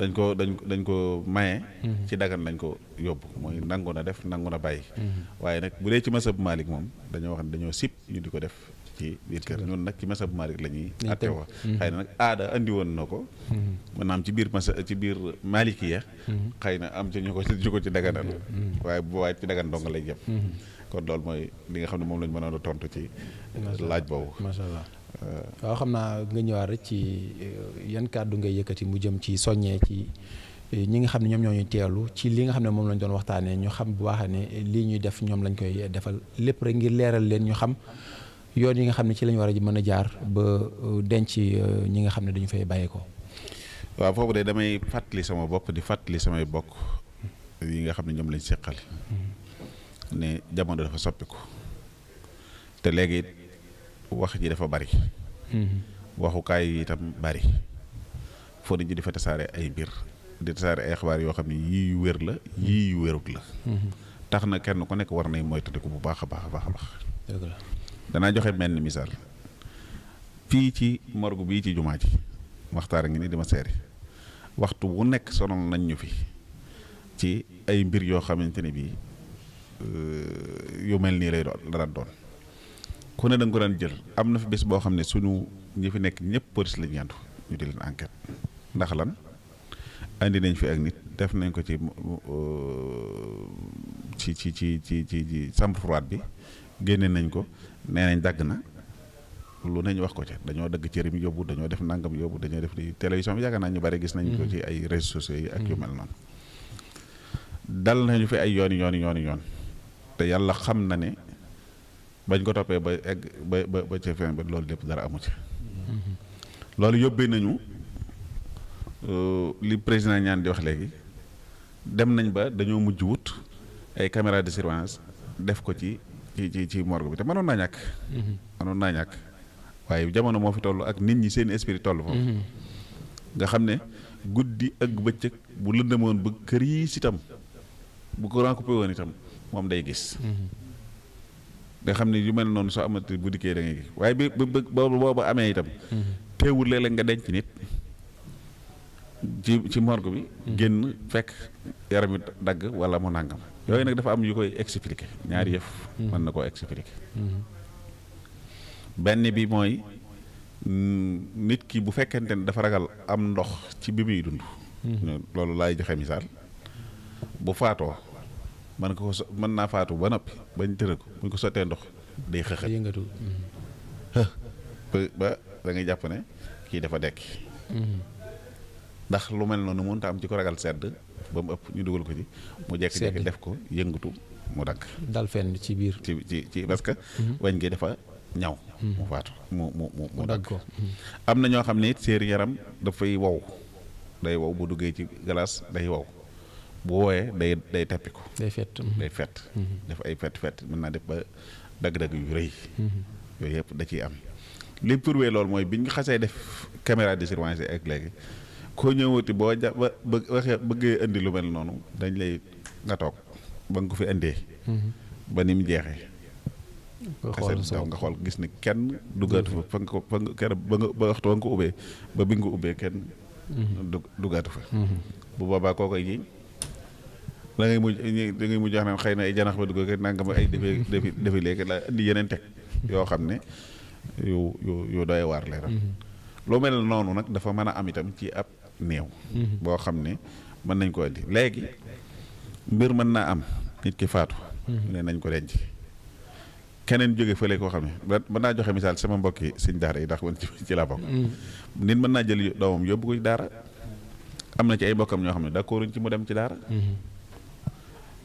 dañ ko dañ dañ ko maye. Mhm. ci dagan lañ ko yóbbu mooy nangu na def nangu na bàyyi. Mhm. waaye nag bu dee ci masab Malick moom dañoo wax ne dañoo sip ñu di ko def. ci biir kër ñun nag ci masab Malick la ñuy attewa mhm. xëy na nag aada andi woon na ko maanaam ci biir masa ci biir Malikiya xëy na am ci ñu ko ñu ko ci daganal waaye bu waaye ci dagan dong lay jëm kon loolu mooy li nga xam ne moom la ñu mënoon a tontu ci laaj boobu macha allah Euh, waaw xam naa nga ñëwaat rek ci euh, yan kàddu ngay yëkkati mu jëm ci soññee ci euh, ñi nga xam ne ñoom ñoo ñu teelu ci li nga xam ne moom lañ doon waxtaanee ñu xam bu baax ne lii ñuy def ñoom lañ koy defal lépp rek ngir leeral leen ñu xam yoon yi nga xam ne ci lañ war a mën a jaar ba denc ñi nga xam ne dañu fay bàyyi ko. waaw foofu de damay fàttali sama bopp di fàttali samay bokk yi nga xam ne ñoom lañ seqal mm-hmm. ne jamono dafa soppiku te léegi wax ji dafa bari mm-hmm. waxukaay yi itam bari foo nit ñi di fa tasaare ay mbir di tasaare ay xabaar yoo xam ne yii yu wér la yii yu wérut la mm-hmm. tax na kenn ku nekk war nay moytandiku bu baax a baax a baax a baax danaa joxe menn misaal fii ci morgue bii ci jumaa ji waxtaar ngi ni dima seeri waxtu wu nekk sonal nañ ñu fi ci ay mbir yoo xamante ne bii euh, yu mel nii lay doon la daan doon ku ne da ko daan jël am na fi bés boo xam ne sunu ñi fi nekk ñëpp police lañu yandu ñu di leen enquête ndax lan indi nañ fi ak nit def nañ ko euh, ci ci ci ci ci ci chambre froide bi génne nañ ko nee nañ dagg na lu nañ wax ko ca dañoo dagg cërim yóbbu dañoo def nangam yóbbu dañoo def di télévision bi yaakaar naa ñu bari gis nañ ko mm-hmm. ci ay réseaux sociaux yi ak yu mm-hmm. mel noonu dal nañu fi ay yooni yooni yooni yoon te yàlla xam na ne bañ ko toppee ba egg ba ba ba ca fin ba loolu lépp dara amu ci. loolu yóbbee nañu euh, li président ñaan di wax léegi dem nañ ba dañoo mujj wut ay caméra de surveillance def ko ci ci ci ci morgue bi te mënoon naa ñàkk. mënoon naa ñàkk waaye jamono moo fi toll ak nit ñi seen esprit toll foofu. nga xam ne guddi ak bëccëg bu lëndëmoon ba kër yi si tam bu courant coupé woon itam moom day gis. nga xam ne yu mel noonu soo amati bu dikkee da ngay gi waaye bi bi boobu amee itam. teewul léeg-léeg nga denc nit. ci ci morgue bi. génn fekk yaram it dagg wala mu nàngam. yooyu nag dafa am yu koy expliquer ñaari yëf. mën na koo expliquer. benn bi mooy mm, nit ki bu fekkente ne dafa ragal am ndox ci bi muy dund. Hmm. loolu laay joxe misaal bu faatoo. mën ko so mën naa faatu ba noppi bañ tëral ko buñ ko sottee ndox day xëxët yëngatu ba da ngay jàpp ne kii dafa dekk ndax lu mel noonu mënut a am ci ko ragal sedd ba mu ëpp ñu dugal ko ci mu jekki-jekki def ko yëngatu mu dagg dal fenn ci biir ci ci ci parce que mhm. wañ gi dafa ñaw mhm. mu faatu mu mu mu dagg mhm. am na ñoo xam ne it seen yaram dafay wow day wow bu duggee ci glace day wow bu wooyee day day teppi ko. day fett day mm-hmm. fett. Mm-hmm. def ay fett fet mën naa def ba dagg-dagg yu rëy. Mm-hmm. yooyu yëpp da ci am. li prouvé loolu mooy bi ñu xasee def caméra de surveillance ak léegi koo ñëwati boo ja ba waxee bëggee indi lu mel noonu dañ lay nga toog ba nga ko fi indee. ba ni mu jeexee. xasee nga xool gis ni kenn duggaatu fa fa nga ko fa nga keroog ba nga ba waxtu ba nga ko ubbee ba bi nga ko ubbee kenn. duggaatu fa. bu boobaa koo koy jiiñ da ngay mujj xay ngay na ay janax ba dugg ak nangam ay defi defi defi léegi la indi yeneen teg yoo xam ne yu yu yu doy waar la mm-hmm. lu mel noonu nag dafa mën a am itam ci ab néew. Mm-hmm. boo xam ne mën nañ ko indi léegi mbir mën naa am nit ki faatu. Mm-hmm. ne nañ ko denc. keneen jóge fële koo xam ne mën naa joxe misaal sama mbokki sëñ daara yi ndax man ci laa bokk. nit mën naa jël doomam yóbbu ko ci daara. am na ci ay mbokkam ñoo xam ne da d'accorduñ ci mu dem ci daara.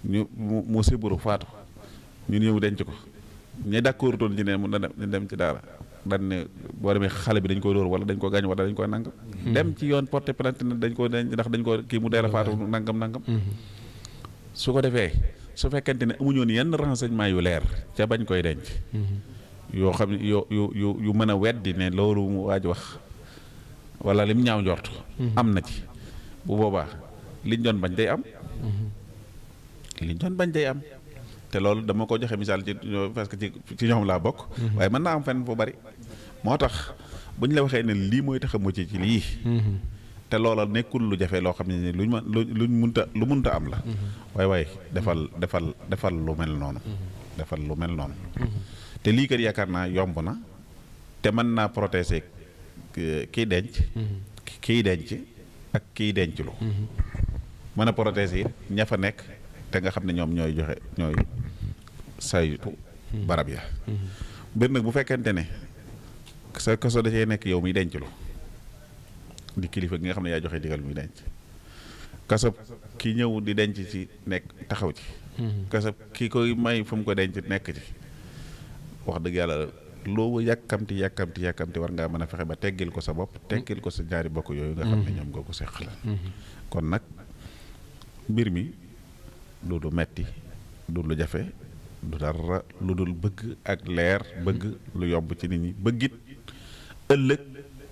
ñu mu mu siburu faatu ñu ñëw denc ko ña d'accord doon ci ne mu na dem ci daara dañ ne boo demee xale bi dañ ko dóor wala dañ ko gaañ wala dañ ko nangam. Hmm. dem ci yoon porté plainte ne dañ ko denc ndax dañ ko kii mu dee faatu nangam nangam. Hmm. su ko defee su fekkente ne amuñu yenn renseignement yu leer ca bañ koy denc. Hmm. yoo xam ne yoo yu yu yu mën a weddi ne loolu mu waaj wax wala lim ñaaw njort. am na ci bu boobaa liñ doon bañ day am. li doon bañ day am te loolu dama ko joxe misaal ci parce que ci ci ñoom laa bokk. Mhm. waaye mën naa am fenn bu moo tax bu la waxee ne lii mooy tax a mucc ci lii. Mhm. te loola nekkul lu jafe loo xam ne luñ ma luñ munta lu munta am la. waaye mhm. waaye defal defal defal lu mel noonu. defal lu mel noonu. te lii kat yaakaar naa yomb na te mën naa protéger kiy denc. kiy denc ak kiy denc lu. mën a protéger ña fa nekk. te nga xam ne ñoom ñooy joxe ñooy saytu barab ya mbir nag bu fekkente ne sa kaso da cee nekk yow muy denc lu di kilifa gi nga xam ne yaa joxe digal muy denc kaso ki ñëw di denc ci nekk taxaw ci kaso ki koy may fu mu ko denc nekk ci wax dëgg yàlla loo yàkkamti yàkkamti yàkkamti war ngaa mën a fexe ba teggil ko sa bopp teggil ko sa ñaari bokk yooyu nga xam ne ñoom nga ko seqal mm-hmm. kon nag mbir mi du lu metti du lu jafe lu dara lu dul bëgg ak leer bëgg lu yomb ci nit ñi bëggit ëllëg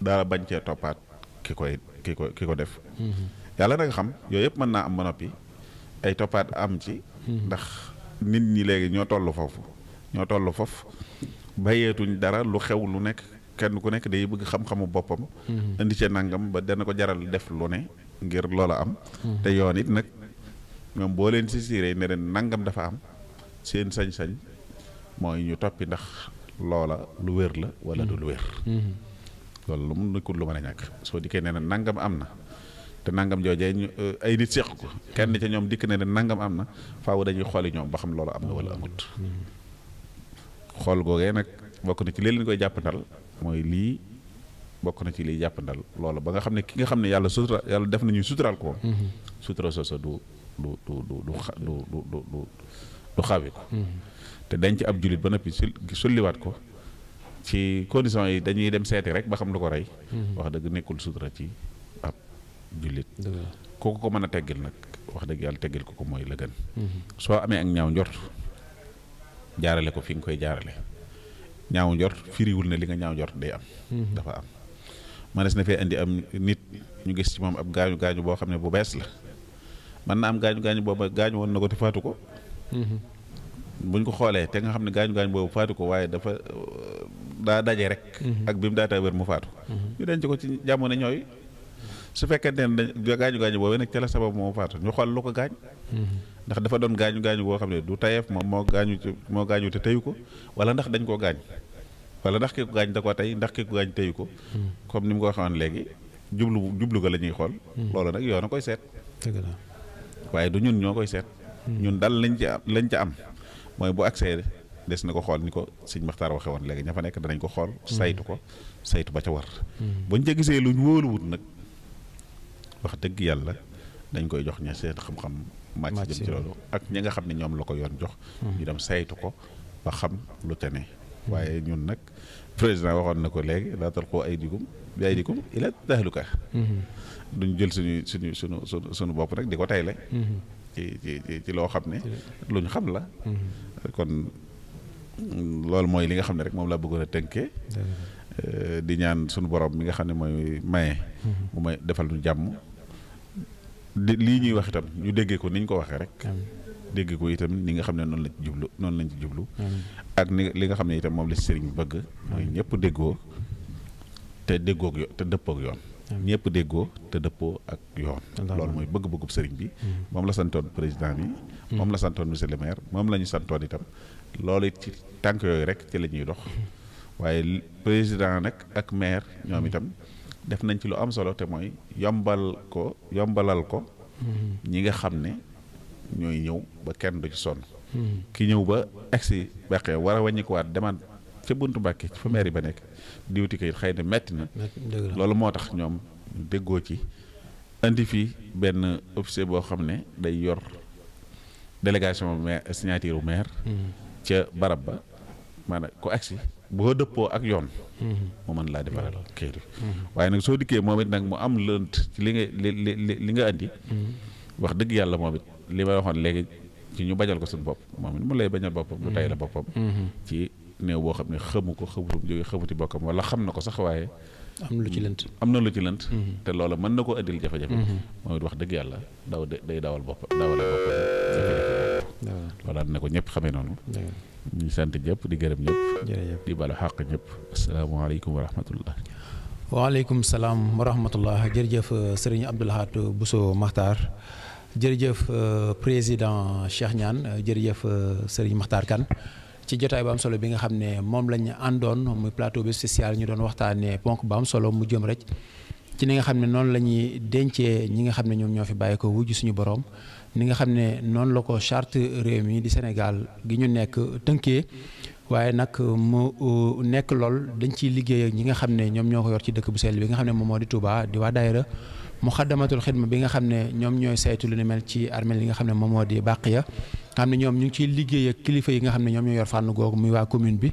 dara bañ cee toppaat ki koy ki ko ki ko def mm-hmm. yàlla na nga xam yooyu yëpp mën naa am ba noppi ay toppaat am ci mm-hmm. ndax nit ñi léegi ñoo toll foofu ñoo toll foofu bàyyeetuñ dara lu xew lu nekk kenn ku nekk day bëgg xam-xamu boppam mm-hmm. indi ci nangam ba dana ko jaral def lu ne ngir loola am te yoon it nag ñoom boo leen saisiré ne leen nangam dafa am seen sañ-sañ mooy ñu toppi ndax loola lu wér la wala lu wér mm-hmm. loolu lu lu mën a ñàkk soo dikkee ne leen nangam am na te nangam joojee ñu euh, ay nit séq ko kenn ca ñoom dikk ne leen nangam am na faaw dañuy xooli ñoom ba xam loola am na walla amut mm-hmm. xool googee nag bokk na ci li leen koy jàppandal mooy lii bokk na ci liy jàppandal loola ba nga xam ne ki nga xam ne yàlla sutura yàlla def nañuy suturaal ko. Mm-hmm. sutura du du du du du ko te dañ ci ab jullit ba noppi sul sulliwaat ko ci condition yi dañuy dem seeti rek ba xam lu ko rey mhm. wax dëgg nekkul sutura ci ab jullit kooku ko mën a teggil nag wax dëgg yàlla teggil ko ko mooy la gën mhm. soo amee ak ñaaw njort jaarale ko fi nga koy jaarale ñaaw njort firiwul ne li nga ñaaw njort day am mhm. dafa am manees na fee indi am nit ñu gis ci moom ab gaañu gaañu boo xam ne bu bees la man na am gaañu gaañu boobu gaañ woon na ko te faatu ko. Mhm. buñ ko xoolee te nga xam ne gaañu gaañ boobu faatu ko waaye dafa daa daje rek. Mhm. ak bi mu daataa wér mu faatu. Mhm. ñu denc ko ci jamono ñooy su fekkente ne dañ gaañu gaañu boobu nag ca la sabab moo ñu xool lu ko gaañ. ndax dafa doon gaañu gaañu boo xam ne du tayeef moom moo gaañu moo gaañu te teyu ko wala ndax dañ koo gaañ. wala ndax ki ko gaañ da ko tey ndax ki ko gaañ teyu ko. comme ni mu ko waxoon léegi jublu jublu ko la ñuy xool. loolu nag yoon a koy seet. dëgg la. waaye du ñun ñoo koy seet. Hmm. ñun dal lañ ca lañ ca am mooy bu accès des na ko xool ni ko sëñ Maxtaar waxe woon léegi ña fa nekk danañ ko xool. Hmm. saytu ko saytu ba ca war. Hmm. buñ ca gisee luñ wóoluwut nag wax dëgg yàlla dañ koy jox ña seen xam-xam. màcc jëm ci loolu ak ñi nga xam ne ñoom la ko yoon jox. ñu dem saytu ko ba xam lu te ne. waaye ñun nag président waxoon na ko léegi laa talqu aydikum bi ko ila tahluka duñ jël suñuy suñu suñu suñu suñu bopp rek di ko tayle mm-hmm. ci loo xam ne mm-hmm. luñ xam la mm-hmm. kon loolu mooy li nga xam ne rek moom laa bëggoon a tënkee eh, di ñaan suñu borom mi nga xam ne mooy maye mu may defal ñu jàmm di lii ñuy wax itam ñu déggee ko ni ñu ko waxee rek dégg ko itam ni nga xam ne noonu lañ ci jublu noonu lañ ci jublu ak ni li nga xam ne itam moom la sëriñ bi bëgg mooy ñëpp déggoo te déggoo te dëppook yoon ñëpp déggoo te dëppoo ak yoon loolu mooy bëgg-bëggub sëriñ bi mhm. moom la santoon président bi mhm. moom la santoon monsieur le maire moom la ñu santoon itam loolu it ci tànk yooyu rek ci la ñuy dox mhm. waaye président nag ak maire ñoom itam def nañ ci lu am solo te mooy yombal ko yombalal ko ñi nga xam ne ñooy ñëw ba kenn du ci sonn ki ñëw ba agsi beqee war a demaat ca buntu Mbàkke fa maire yi ba nekk di wuti kayit xëy na metti na loolu moo tax ñoom déggoo ci indi fii benn officier boo xam ne day yor délégation maire signature mm-hmm. maire ca barab ba maanaam ku agsi boo dëppoo ak yoon mm-hmm. mu mën laa defaral kayit mm-hmm. waaye nag soo dikkee moom it nag mu am lënt li nga li li nga andi wax dëgg yàlla moom it li may waxoon léegi ci ñu bajal ko suñu bopp moom it mu lay bañal boppam lu tay la boppam néew boo xam ne xamu ko xamu jóge xamuti bokkam wala xam na ko sax waaye. am lu ci lënt am na lu ci lënt mhm. te loola mën na ko indil jafe-jafe. Mhm. moom it wax dëgg yàlla daw day dawal bopp dawale boppam jafe-jafe. voilà ne ko ñëpp xamee noonu. ñu sant ñëpp di gërëm ñëpp. jërëjëf di balu xàq ñëpp. asalaamaaleykum wa rahmatullah. waaleykum salaam wa rahmatullah jërëjëf euh, sëriñ Abdou Lahad Bousso Makhtar. jërëjëf euh, président Cheikh Niane jërëjëf euh, sëriñ Makhtar Kane. ci jotaay bu am solo bi nga xam ne moom lañ àndoon muy plateau bi spécial ñu doon waxtaanee ponk bu am solo mu jëm rek ci ni nga xam ne noonu la ñuy dencee ñi nga xam ne ñoom ñoo fi bàyyi ko wujj suñu borom ni nga xam ne noonu la ko charte réew mi di Sénégal gi ñu nekk tënkee waaye nag mu nekk lool dañ ci liggéey ak ñi nga xam ne ñoom ñoo ko yor ci dëkk bu sell bi nga xam ne moom moo di tubaa di waa daayira mu muxaddamatul xidma bi nga xam ne ñoom ñooy saytu lu mel ci armeel yi nga xam ne moom moo di Bàqiya nga xam ne ñoom ñu ngi ciy liggéey ak kilifa yi nga xam ne ñoom ñoo yor fànn googu muy waa commune bi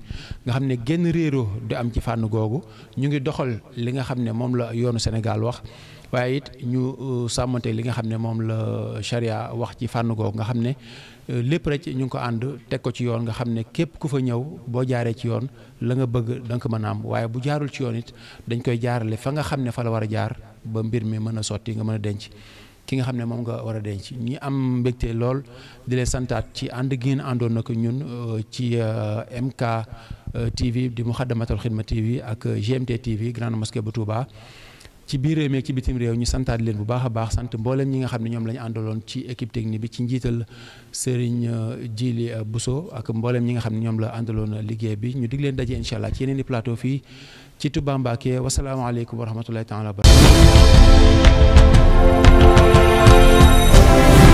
nga xam ne genn réeroo di am ci fànn googu ñu ngi doxal li nga xam ne moom la yoonu Sénégal wax waaye it ñu euh, sàmmante li nga xam ne moom la charia wax ci fànn googu nga xam ne euh, lépp rek ñu ngi ko ànd teg ko ci yoon nga xam ne képp ku fa ñëw boo jaaree ci yoon la nga bëgg da ko mën a waaye bu jaarul ci yoon it dañ koy jaarale fa nga xam ne fa la war a jaar ba mbir mi mën a sotti nga mën a denc ki nga xam ne moom nga war a denc ñi am mbégte lool di leen santaat ci ànd ngeen àndoon na ko ñun euh, ci MK TV di Muxaddamatul Xidma TV ak GMT TV Grande Mosquée bu Touba. ci biir réew mi ci bitim réew ñu santaat leen bu baax a baax sant mboolem ñi nga xam ne ñoom la ñu àndaloon ci équipe technique bi ci njiital Serigne euh, Djili euh, Bousso ak mboolem ñi nga xam ne ñoom la àndaloon liggéey bi ñu dig leen daje incha allah ci yeneen i plateau fii ci Touba Mbacké wasalaamaaleykum wa rahmatulahi taala wa